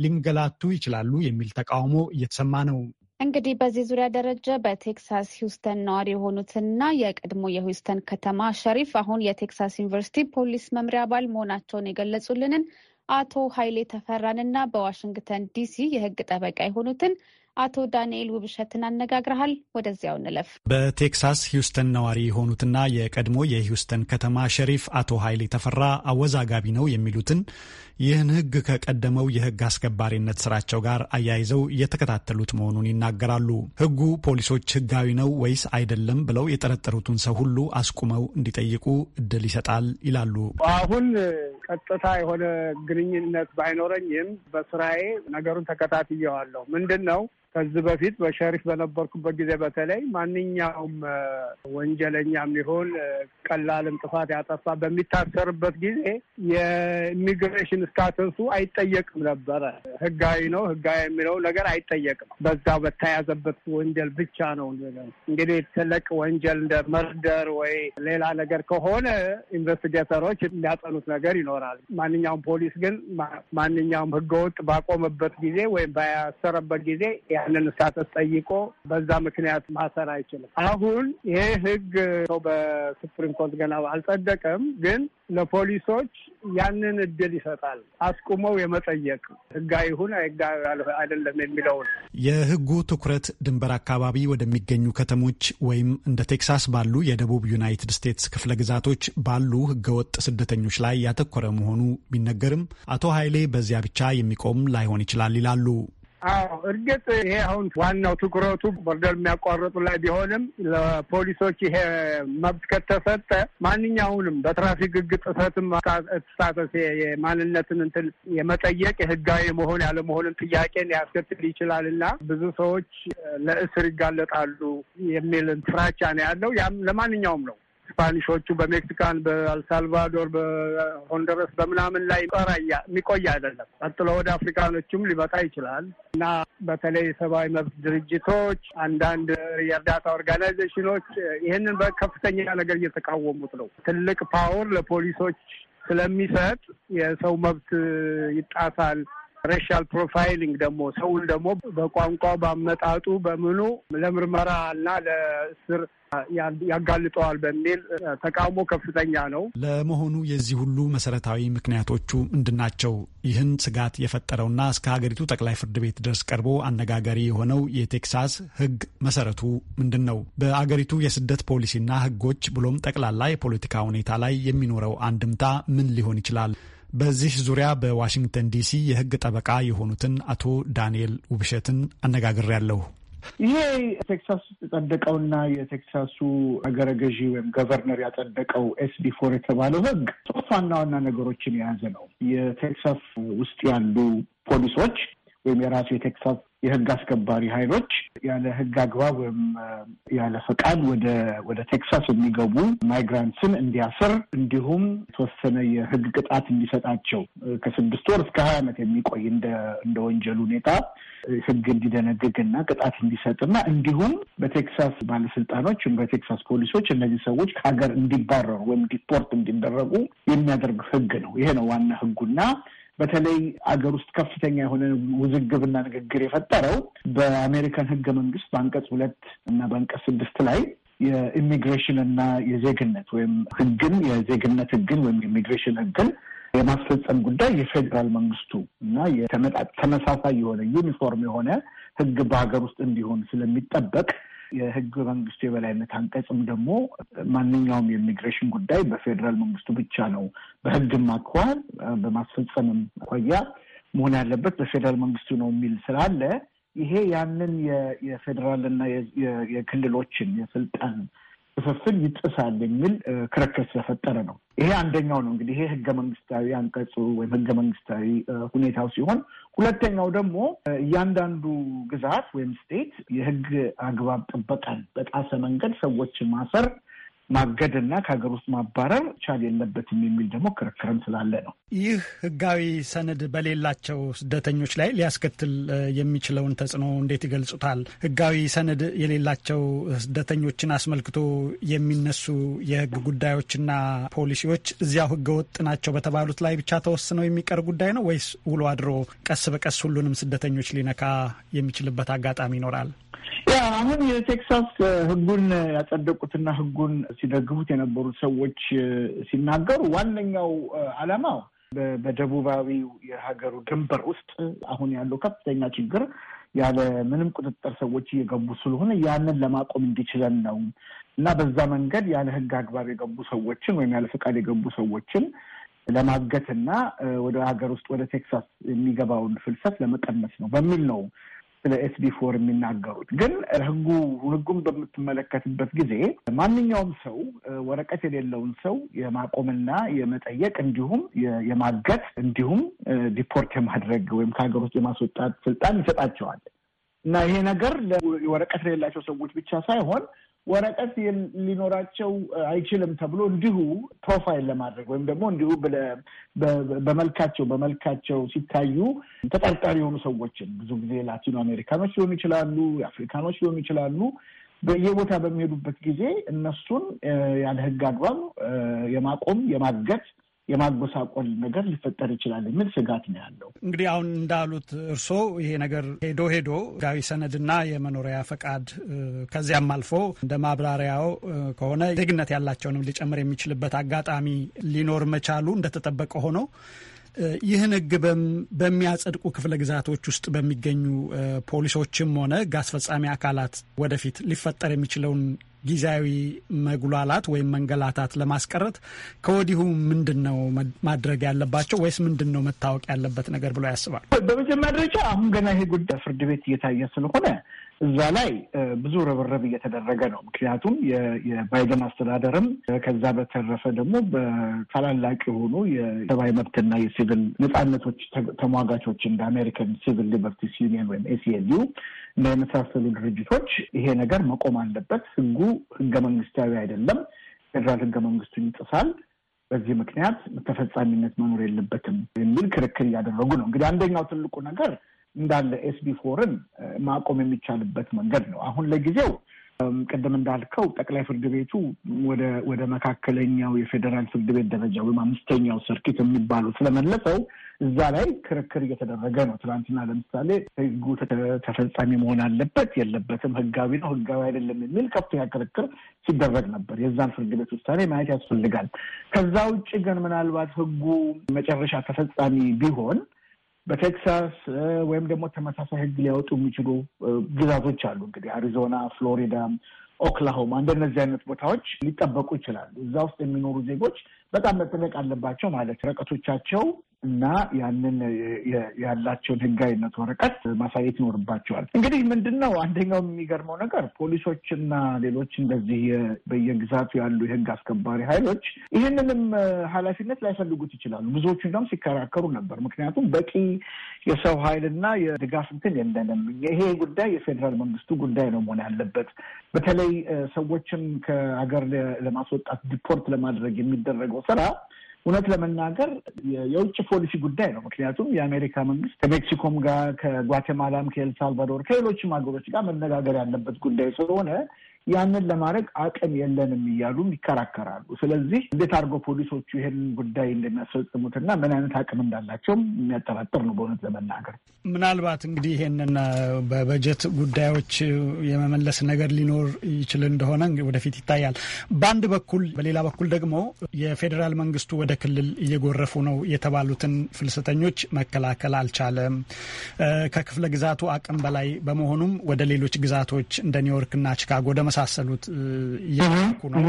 [SPEAKER 1] ሊንገላቱ ይችላሉ የሚል ተቃውሞ እየተሰማ ነው።
[SPEAKER 2] እንግዲህ በዚህ ዙሪያ ደረጃ በቴክሳስ ሂውስተን ነዋሪ የሆኑትና የቀድሞ የሂውስተን ከተማ ሸሪፍ አሁን የቴክሳስ ዩኒቨርሲቲ ፖሊስ መምሪያ አባል መሆናቸውን የገለጹልንን አቶ ኃይሌ ተፈራንና በዋሽንግተን ዲሲ የህግ ጠበቃ የሆኑትን አቶ ዳንኤል ውብሸትን አነጋግረሃል። ወደዚያው እንለፍ።
[SPEAKER 1] በቴክሳስ ሂውስተን ነዋሪ የሆኑትና የቀድሞ የሂውስተን ከተማ ሸሪፍ አቶ ኃይሌ ተፈራ አወዛጋቢ ነው የሚሉትን ይህን ሕግ ከቀደመው የሕግ አስከባሪነት ስራቸው ጋር አያይዘው እየተከታተሉት መሆኑን ይናገራሉ። ሕጉ ፖሊሶች ሕጋዊ ነው ወይስ አይደለም ብለው የጠረጠሩትን ሰው ሁሉ አስቁመው እንዲጠይቁ እድል ይሰጣል ይላሉ።
[SPEAKER 8] አሁን ቀጥታ የሆነ ግንኙነት ባይኖረኝም በስራዬ ነገሩን ተከታትየዋለሁ። ምንድን ነው ከዚህ በፊት በሸሪፍ በነበርኩበት ጊዜ በተለይ ማንኛውም ወንጀለኛም ሊሆን ቀላልም ጥፋት ያጠፋ በሚታሰርበት ጊዜ የኢሚግሬሽን ስታተሱ አይጠየቅም ነበረ። ህጋዊ ነው ህጋዊ የሚለው ነገር አይጠየቅም። በዛ በተያዘበት ወንጀል ብቻ ነው። እንግዲህ ትልቅ ወንጀል እንደ መርደር ወይ ሌላ ነገር ከሆነ ኢንቨስቲጌተሮች የሚያጠኑት ነገር ይኖራል። ማንኛውም ፖሊስ ግን ማንኛውም ህገወጥ ባቆመበት ጊዜ ወይም ባያሰረበት ጊዜ ያንን ስታተስ ጠይቆ በዛ ምክንያት ማሰር አይችልም። አሁን ይሄ ህግ በሱፕሪም ኮርት ገና አልጸደቀም፣ ግን ለፖሊሶች ያንን እድል ይሰጣል። አስቁመው የመጠየቅ ህጋዊ ይሁን አይደለም የሚለውን
[SPEAKER 1] የህጉ ትኩረት ድንበር አካባቢ ወደሚገኙ ከተሞች ወይም እንደ ቴክሳስ ባሉ የደቡብ ዩናይትድ ስቴትስ ክፍለ ግዛቶች ባሉ ህገወጥ ስደተኞች ላይ ያተኮረ መሆኑ ቢነገርም አቶ ኃይሌ በዚያ ብቻ የሚቆም ላይሆን ይችላል ይላሉ።
[SPEAKER 8] አዎ እርግጥ ይሄ አሁን ዋናው ትኩረቱ ቦርደር የሚያቋረጡ ላይ ቢሆንም ለፖሊሶች ይሄ መብት ከተሰጠ ማንኛውንም በትራፊክ ሕግ ጥሰትም ስታተስ የማንነትን እንትን የመጠየቅ የህጋዊ መሆን ያለመሆንን ጥያቄን ሊያስከትል ይችላል እና ብዙ ሰዎች ለእስር ይጋለጣሉ የሚል ፍራቻ ነው ያለው። ያም ለማንኛውም ነው ስፓኒሾቹ በሜክሲካን፣ በአልሳልቫዶር፣ በሆንደረስ በምናምን ላይ ቀራያ የሚቆይ አይደለም። ቀጥሎ ወደ አፍሪካኖቹም ሊመጣ ይችላል እና በተለይ የሰብአዊ መብት ድርጅቶች፣ አንዳንድ የእርዳታ ኦርጋናይዜሽኖች ይህንን በከፍተኛ ነገር እየተቃወሙት ነው። ትልቅ ፓወር ለፖሊሶች ስለሚሰጥ የሰው መብት ይጣሳል ሬሻል ፕሮፋይሊንግ ደግሞ ሰውን ደግሞ በቋንቋ በአመጣጡ በምኑ ለምርመራ እና ለእስር ያጋልጠዋል በሚል ተቃውሞ ከፍተኛ ነው።
[SPEAKER 1] ለመሆኑ የዚህ ሁሉ መሰረታዊ ምክንያቶቹ ምንድን ናቸው? ይህን ስጋት የፈጠረውና እስከ ሀገሪቱ ጠቅላይ ፍርድ ቤት ድረስ ቀርቦ አነጋጋሪ የሆነው የቴክሳስ ሕግ መሰረቱ ምንድን ነው? በአገሪቱ የስደት ፖሊሲና ሕጎች ብሎም ጠቅላላ የፖለቲካ ሁኔታ ላይ የሚኖረው አንድምታ ምን ሊሆን ይችላል? በዚህ ዙሪያ በዋሽንግተን ዲሲ የህግ ጠበቃ የሆኑትን አቶ ዳንኤል ውብሸትን አነጋግሬያለሁ።
[SPEAKER 6] ይሄ ቴክሳስ ውስጥ የጸደቀውና የቴክሳሱ ሀገረ ገዢ ወይም ገቨርነር ያጸደቀው ኤስቢ ፎር የተባለው ህግ ሶስት ዋና ዋና ነገሮችን የያዘ ነው። የቴክሳስ ውስጥ ያሉ ፖሊሶች ወይም የራሱ የቴክሳስ የህግ አስከባሪ ኃይሎች ያለ ህግ አግባብ ወይም ያለ ፈቃድ ወደ ወደ ቴክሳስ የሚገቡ ማይግራንትስን እንዲያስር እንዲሁም የተወሰነ የህግ ቅጣት እንዲሰጣቸው ከስድስት ወር እስከ ሀያ ዓመት የሚቆይ እንደ ወንጀል ሁኔታ ህግ እንዲደነግግ እና ቅጣት እንዲሰጥና እንዲሁም በቴክሳስ ባለስልጣኖች ወይም በቴክሳስ ፖሊሶች እነዚህ ሰዎች ከሀገር እንዲባረሩ ወይም ዲፖርት እንዲደረጉ የሚያደርግ ህግ ነው። ይሄ ነው ዋና ህጉና በተለይ አገር ውስጥ ከፍተኛ የሆነ ውዝግብና ንግግር የፈጠረው በአሜሪካን ህገ መንግስት በአንቀጽ ሁለት እና በአንቀጽ ስድስት ላይ የኢሚግሬሽን እና የዜግነት ወይም ህግን የዜግነት ህግን ወይም የኢሚግሬሽን ህግን የማስፈጸም ጉዳይ የፌዴራል መንግስቱ እና ተመሳሳይ የሆነ ዩኒፎርም የሆነ ህግ በሀገር ውስጥ እንዲሆን ስለሚጠበቅ የህገ መንግስቱ የበላይነት አንቀጽም ደግሞ ማንኛውም የኢሚግሬሽን ጉዳይ በፌዴራል መንግስቱ ብቻ ነው በህግም አኳኋን በማስፈጸምም አኳያ መሆን ያለበት በፌዴራል መንግስቱ ነው የሚል ስላለ ይሄ ያንን የፌዴራልና የክልሎችን የስልጣን ክፍፍል ይጥሳል የሚል ክርክር ስለፈጠረ ነው። ይሄ አንደኛው ነው እንግዲህ ይሄ ህገ መንግስታዊ አንቀጹ ወይም ህገ መንግስታዊ ሁኔታው ሲሆን፣ ሁለተኛው ደግሞ እያንዳንዱ ግዛት ወይም ስቴት የህግ አግባብ ጥበቃን በጣሰ መንገድ ሰዎችን ማሰር ማገድና ከሀገር ውስጥ ማባረር ቻል የለበትም የሚል ደግሞ ክርክርም ስላለ ነው።
[SPEAKER 1] ይህ ህጋዊ ሰነድ በሌላቸው ስደተኞች ላይ ሊያስከትል የሚችለውን ተጽዕኖ እንዴት ይገልጹታል? ህጋዊ ሰነድ የሌላቸው ስደተኞችን አስመልክቶ የሚነሱ የህግ ጉዳዮችና ፖሊሲዎች እዚያው ህገወጥ ናቸው በተባሉት ላይ ብቻ ተወስነው የሚቀር ጉዳይ ነው ወይስ ውሎ አድሮ ቀስ በቀስ ሁሉንም ስደተኞች ሊነካ የሚችልበት አጋጣሚ ይኖራል?
[SPEAKER 6] ያ አሁን የቴክሳስ ህጉን
[SPEAKER 1] ያጸደቁትና ህጉን ሲደግፉት የነበሩት
[SPEAKER 6] ሰዎች ሲናገሩ ዋነኛው አላማው በደቡባዊው የሀገሩ ድንበር ውስጥ አሁን ያለው ከፍተኛ ችግር ያለ ምንም ቁጥጥር ሰዎች እየገቡ ስለሆነ ያንን ለማቆም እንዲችለን ነው እና በዛ መንገድ ያለ ህግ አግባብ የገቡ ሰዎችን ወይም ያለ ፈቃድ የገቡ ሰዎችን ለማገትና ወደ ሀገር ውስጥ ወደ ቴክሳስ የሚገባውን ፍልሰት ለመቀነስ ነው በሚል ነው ስለ ኤስቢ ፎር የሚናገሩት ግን ህጉ ህጉን በምትመለከትበት ጊዜ ማንኛውም ሰው ወረቀት የሌለውን ሰው የማቆምና የመጠየቅ እንዲሁም የማገት እንዲሁም ዲፖርት የማድረግ ወይም ከሀገር ውስጥ የማስወጣት ስልጣን ይሰጣቸዋል እና ይሄ ነገር ወረቀት ለሌላቸው ሰዎች ብቻ ሳይሆን ወረቀት ሊኖራቸው አይችልም ተብሎ እንዲሁ ፕሮፋይል ለማድረግ ወይም ደግሞ እንዲሁ በመልካቸው በመልካቸው ሲታዩ ተጠርጣሪ የሆኑ ሰዎችን ብዙ ጊዜ ላቲኖ አሜሪካኖች ሊሆኑ ይችላሉ፣ የአፍሪካኖች ሊሆኑ ይችላሉ። በየቦታ በሚሄዱበት ጊዜ እነሱን ያለ ሕግ አግባብ የማቆም የማገድ የማጎሳቆል ነገር ሊፈጠር ይችላል የሚል ስጋት ነው ያለው።
[SPEAKER 1] እንግዲህ አሁን እንዳሉት እርስዎ ይሄ ነገር ሄዶ ሄዶ ሕጋዊ ሰነድና የመኖሪያ ፈቃድ ከዚያም አልፎ እንደ ማብራሪያው ከሆነ ዜግነት ያላቸውንም ሊጨምር የሚችልበት አጋጣሚ ሊኖር መቻሉ እንደተጠበቀ ሆኖ ይህን ህግ በሚያጸድቁ ክፍለ ግዛቶች ውስጥ በሚገኙ ፖሊሶችም ሆነ ህግ አስፈጻሚ አካላት ወደፊት ሊፈጠር የሚችለውን ጊዜያዊ መጉላላት ወይም መንገላታት ለማስቀረት ከወዲሁ ምንድን ነው ማድረግ ያለባቸው ወይስ ምንድን ነው መታወቅ ያለበት ነገር ብሎ ያስባል? በመጀመሪያ ደረጃ አሁን ገና ይሄ ጉዳይ ፍርድ ቤት እየታየ ስለሆነ እዛ
[SPEAKER 6] ላይ ብዙ ርብርብ እየተደረገ ነው። ምክንያቱም የባይደን አስተዳደርም ከዛ በተረፈ ደግሞ በታላላቅ የሆኑ የሰብአዊ መብትና የሲቪል ነጻነቶች ተሟጋቾች እንደ አሜሪካን ሲቪል ሊበርቲስ ዩኒየን ወይም ኤሲኤልዩ እና የመሳሰሉ ድርጅቶች ይሄ ነገር መቆም አለበት፣ ህጉ ህገ መንግስታዊ አይደለም፣ ፌዴራል ህገ መንግስቱን ይጥሳል በዚህ ምክንያት ተፈጻሚነት መኖር የለበትም የሚል ክርክር እያደረጉ ነው። እንግዲህ አንደኛው ትልቁ ነገር እንዳለ ኤስቢ ፎርን ማቆም የሚቻልበት መንገድ ነው። አሁን ለጊዜው ቅድም እንዳልከው ጠቅላይ ፍርድ ቤቱ ወደ መካከለኛው የፌዴራል ፍርድ ቤት ደረጃ ወይም አምስተኛው ሰርኪት የሚባለው ስለመለሰው እዛ ላይ ክርክር እየተደረገ ነው። ትናንትና ለምሳሌ ህጉ ተፈጻሚ መሆን አለበት የለበትም፣ ህጋዊ ነው ህጋዊ አይደለም የሚል ከፍተኛ ክርክር ሲደረግ ነበር። የዛን ፍርድ ቤት ውሳኔ ማየት ያስፈልጋል። ከዛ ውጭ ግን ምናልባት ህጉ መጨረሻ ተፈጻሚ ቢሆን በቴክሳስ ወይም ደግሞ ተመሳሳይ ህግ ሊያወጡ የሚችሉ ግዛቶች አሉ። እንግዲህ አሪዞና፣ ፍሎሪዳ፣ ኦክላሆማ እንደነዚህ አይነት ቦታዎች ሊጠበቁ ይችላሉ። እዛ ውስጥ የሚኖሩ ዜጎች በጣም መጠበቅ አለባቸው ማለት ርቀቶቻቸው እና ያንን ያላቸውን ህጋዊነት ወረቀት ማሳየት ይኖርባቸዋል። እንግዲህ ምንድን ነው አንደኛው የሚገርመው ነገር ፖሊሶችና ሌሎች እንደዚህ በየግዛቱ ያሉ የህግ አስከባሪ ኃይሎች ይህንንም ኃላፊነት ላይፈልጉት ይችላሉ። ብዙዎቹ እንደውም ሲከራከሩ ነበር። ምክንያቱም በቂ የሰው ኃይልና የድጋፍ እንትን የለንም። ይሄ ጉዳይ የፌዴራል መንግስቱ ጉዳይ ነው መሆን ያለበት። በተለይ ሰዎችን ከሀገር ለማስወጣት ዲፖርት ለማድረግ የሚደረገው ስራ እውነት ለመናገር የውጭ ፖሊሲ ጉዳይ ነው። ምክንያቱም የአሜሪካ መንግስት ከሜክሲኮም ጋር ከጓቴማላም፣ ከኤልሳልቫዶር ከሌሎችም ሀገሮች ጋር መነጋገር ያለበት ጉዳይ ስለሆነ ያንን ለማድረግ አቅም የለንም እያሉም ይከራከራሉ። ስለዚህ እንዴት አድርገው ፖሊሶቹ ይህንን ጉዳይ እንደሚያስፈጽሙትና ምን አይነት አቅም እንዳላቸውም የሚያጠራጥር ነው። በእውነት ለመናገር
[SPEAKER 1] ምናልባት እንግዲህ ይህንን በበጀት ጉዳዮች የመመለስ ነገር ሊኖር ይችል እንደሆነ ወደፊት ይታያል። በአንድ በኩል በሌላ በኩል ደግሞ የፌዴራል መንግስቱ ወደ ክልል እየጎረፉ ነው የተባሉትን ፍልሰተኞች መከላከል አልቻለም። ከክፍለ ግዛቱ አቅም በላይ በመሆኑም ወደ ሌሎች ግዛቶች እንደ ኒውዮርክና ቺካጎ የመሳሰሉት እየተላኩ ነው።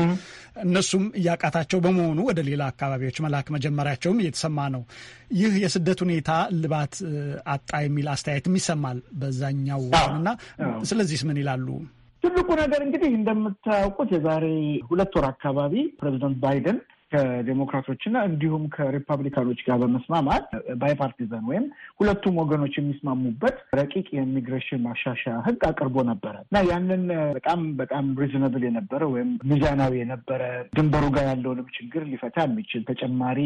[SPEAKER 1] እነሱም እያቃታቸው በመሆኑ ወደ ሌላ አካባቢዎች መላክ መጀመሪያቸውም እየተሰማ ነው። ይህ የስደት ሁኔታ ልባት አጣ የሚል አስተያየትም ይሰማል በዛኛው እና ስለዚህ ምን ይላሉ?
[SPEAKER 6] ትልቁ ነገር እንግዲህ እንደምታውቁት የዛሬ ሁለት ወር አካባቢ ፕሬዚደንት ባይደን ከዴሞክራቶች እንዲሁም ከሪፐብሊካኖች ጋር በመስማማት ባይፓርቲዘን ወይም ሁለቱም ወገኖች የሚስማሙበት ረቂቅ የኢሚግሬሽን ማሻሻያ ህግ አቅርቦ ነበረ እና ያንን በጣም በጣም ሪዝነብል የነበረ ወይም ሚዛናዊ የነበረ ድንበሩ ጋር ያለውንም ችግር ሊፈታ የሚችል ተጨማሪ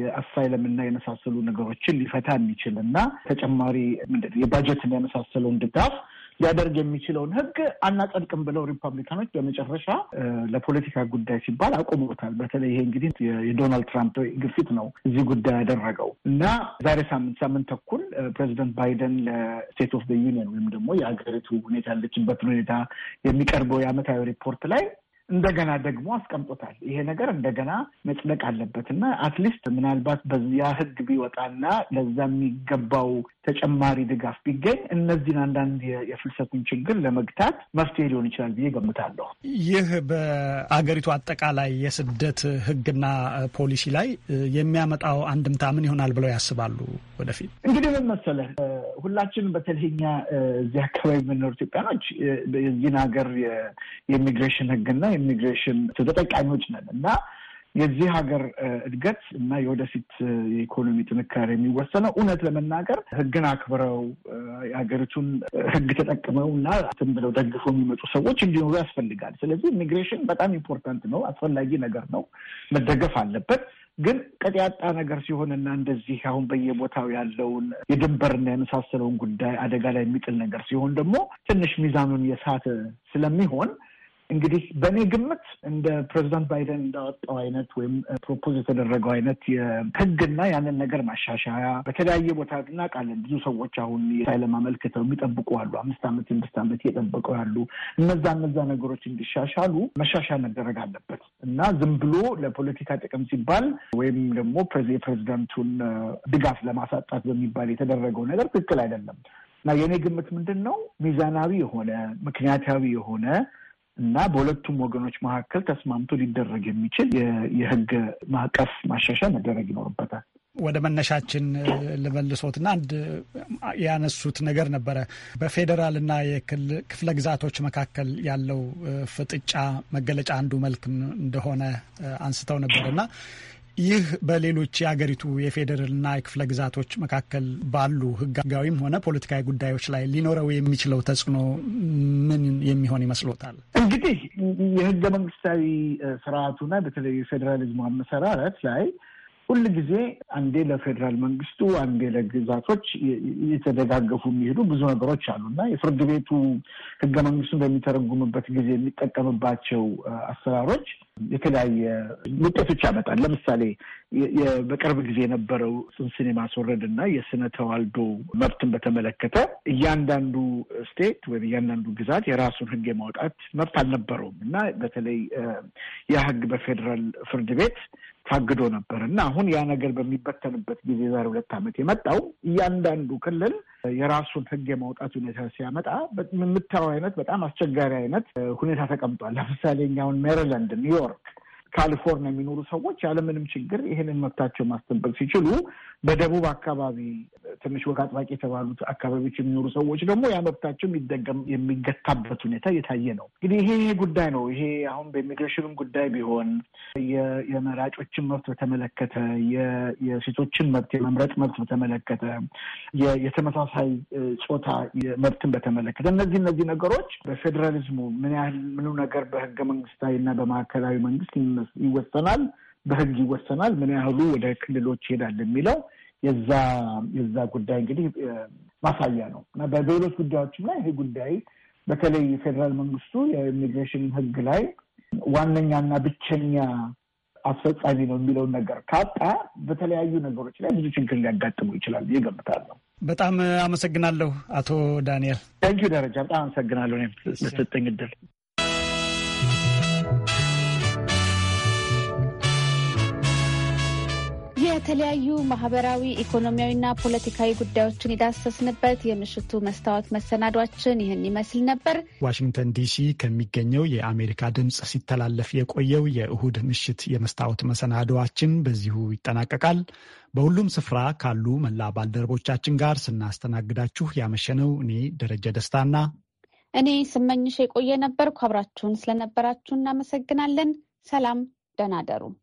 [SPEAKER 6] የአሳይለም እና የመሳሰሉ ነገሮችን ሊፈታ የሚችል እና ተጨማሪ የባጀትን የመሳሰለውን ድጋፍ ሊያደርግ የሚችለውን ህግ አናጸድቅም ብለው ሪፐብሊካኖች በመጨረሻ ለፖለቲካ ጉዳይ ሲባል አቁሞታል። በተለይ ይሄ እንግዲህ የዶናልድ ትራምፕ ግፊት ነው እዚህ ጉዳይ ያደረገው እና ዛሬ ሳምንት ሳምንት ተኩል ፕሬዚደንት ባይደን ለስቴት ኦፍ ዩኒየን ወይም ደግሞ የሀገሪቱ ሁኔታ ያለችበትን ሁኔታ የሚቀርበው የዓመታዊ ሪፖርት ላይ እንደገና ደግሞ አስቀምጦታል። ይሄ ነገር እንደገና መጽደቅ አለበት እና አትሊስት ምናልባት በዚያ ህግ ቢወጣና ለዛ የሚገባው ተጨማሪ ድጋፍ ቢገኝ እነዚህን አንዳንድ የፍልሰቱን ችግር ለመግታት መፍትሄ ሊሆን ይችላል ብዬ ገምታለሁ።
[SPEAKER 1] ይህ በአገሪቱ አጠቃላይ የስደት ህግና ፖሊሲ ላይ የሚያመጣው አንድምታ ምን ይሆናል ብለው ያስባሉ? ወደፊት
[SPEAKER 6] እንግዲህ ምን መሰለህ ሁላችንም በተለይኛ እዚህ አካባቢ የምንኖር ኢትዮጵያኖች የዚህን ሀገር የኢሚግሬሽን ህግና ኢሚግሬሽን ተጠቃሚዎች ነን እና የዚህ ሀገር እድገት እና የወደፊት የኢኮኖሚ ጥንካሬ የሚወሰነው እውነት ለመናገር ሕግን አክብረው የሀገሪቱን ሕግ ተጠቅመው እና እንትን ብለው ደግፈው የሚመጡ ሰዎች እንዲኖሩ ያስፈልጋል። ስለዚህ ኢሚግሬሽን በጣም ኢምፖርታንት ነው፣ አስፈላጊ ነገር ነው፣ መደገፍ አለበት። ግን ቀጥያጣ ነገር ሲሆንና እንደዚህ አሁን በየቦታው ያለውን የድንበርና የመሳሰለውን ጉዳይ አደጋ ላይ የሚጥል ነገር ሲሆን ደግሞ ትንሽ ሚዛኑን የሳተ ስለሚሆን እንግዲህ በእኔ ግምት እንደ ፕሬዚዳንት ባይደን እንዳወጣው አይነት ወይም ፕሮፖዝ የተደረገው አይነት ህግና ያንን ነገር ማሻሻያ በተለያየ ቦታ እናውቃለን። ብዙ ሰዎች አሁን የሳይለም አመልክተው የሚጠብቁ አሉ። አምስት ዓመት ስድስት ዓመት እየጠበቁ ያሉ እነዛ እነዛ ነገሮች እንዲሻሻሉ መሻሻል መደረግ አለበት እና ዝም ብሎ ለፖለቲካ ጥቅም ሲባል ወይም ደግሞ የፕሬዚዳንቱን ድጋፍ ለማሳጣት በሚባል የተደረገው ነገር ትክክል አይደለም እና የእኔ ግምት ምንድን ነው ሚዛናዊ የሆነ ምክንያታዊ የሆነ እና በሁለቱም ወገኖች መካከል ተስማምቶ ሊደረግ የሚችል የህግ ማዕቀፍ ማሻሻል መደረግ ይኖርበታል።
[SPEAKER 1] ወደ መነሻችን ልመልሶትና አንድ ያነሱት ነገር ነበረ። በፌዴራልና የክፍለ ግዛቶች መካከል ያለው ፍጥጫ መገለጫ አንዱ መልክ እንደሆነ አንስተው ነበርና ይህ በሌሎች የአገሪቱ የፌዴራልና የክፍለ ግዛቶች መካከል ባሉ ሕጋዊም ሆነ ፖለቲካዊ ጉዳዮች ላይ ሊኖረው የሚችለው ተጽዕኖ ምን የሚሆን ይመስሎታል?
[SPEAKER 6] እንግዲህ የህገ መንግስታዊ ስርዓቱና በተለይ የፌዴራሊዝሙ አመሰራረት ላይ ሁል ጊዜ አንዴ ለፌዴራል መንግስቱ አንዴ ለግዛቶች እየተደጋገፉ የሚሄዱ ብዙ ነገሮች አሉ እና የፍርድ ቤቱ ህገ መንግስቱን በሚተረጉምበት ጊዜ የሚጠቀምባቸው አሰራሮች የተለያየ ውጤቶች ያመጣል። ለምሳሌ በቅርብ ጊዜ የነበረው ጽንስን የማስወረድ እና የስነ ተዋልዶ መብትን በተመለከተ እያንዳንዱ ስቴት ወይም እያንዳንዱ ግዛት የራሱን ሕግ የማውጣት መብት አልነበረውም እና በተለይ ያ ሕግ በፌዴራል ፍርድ ቤት ታግዶ ነበር እና አሁን ያ ነገር በሚበተንበት ጊዜ ዛሬ ሁለት ዓመት የመጣው እያንዳንዱ ክልል የራሱን ሕግ የማውጣት ሁኔታ ሲያመጣ የምታየው አይነት በጣም አስቸጋሪ አይነት ሁኔታ ተቀምጧል። ለምሳሌ እኛውን ሜሪላንድ ኒዮ work ካሊፎርኒያ የሚኖሩ ሰዎች ያለምንም ችግር ይህንን መብታቸው ማስጠበቅ ሲችሉ፣ በደቡብ አካባቢ ትንሽ ወግ አጥባቂ የተባሉት አካባቢዎች የሚኖሩ ሰዎች ደግሞ ያ መብታቸው የሚደገም የሚገታበት ሁኔታ እየታየ ነው። እንግዲህ ይሄ ጉዳይ ነው። ይሄ አሁን በኢሚግሬሽንም ጉዳይ ቢሆን የመራጮችን መብት በተመለከተ፣ የሴቶችን መብት የመምረጥ መብት በተመለከተ፣ የተመሳሳይ ጾታ መብትን በተመለከተ እነዚህ እነዚህ ነገሮች በፌዴራሊዝሙ ምን ያህል ምኑ ነገር በህገ መንግስታዊ እና በማዕከላዊ መንግስት ይወሰናል፣ በህግ ይወሰናል። ምን ያህሉ ወደ ክልሎች ይሄዳል የሚለው የዛ የዛ ጉዳይ እንግዲህ ማሳያ ነው እና በሌሎች ጉዳዮችም ላይ ይሄ ጉዳይ በተለይ የፌዴራል መንግስቱ የኢሚግሬሽን ህግ ላይ ዋነኛና ብቸኛ አስፈጻሚ ነው የሚለውን ነገር ካጣ በተለያዩ ነገሮች ላይ ብዙ ችግር ሊያጋጥሙ
[SPEAKER 1] ይችላል ይገምታለሁ። በጣም አመሰግናለሁ አቶ ዳንኤል። ታንኪዩ ደረጃ፣ በጣም አመሰግናለሁ ለሰጠኝ እድል።
[SPEAKER 2] የተለያዩ ማህበራዊ ኢኮኖሚያዊና ፖለቲካዊ ጉዳዮችን የዳሰስንበት የምሽቱ መስታወት መሰናዷችን ይህን ይመስል ነበር።
[SPEAKER 1] ዋሽንግተን ዲሲ ከሚገኘው የአሜሪካ ድምፅ ሲተላለፍ የቆየው የእሁድ ምሽት የመስታወት መሰናዷችን በዚሁ ይጠናቀቃል። በሁሉም ስፍራ ካሉ መላ ባልደረቦቻችን ጋር ስናስተናግዳችሁ ያመሸነው እኔ ደረጀ ደስታና
[SPEAKER 2] እኔ ስመኝሽ የቆየ ነበርኩ። አብራችሁን ስለነበራችሁ እናመሰግናለን። ሰላም፣ ደህና ደሩ።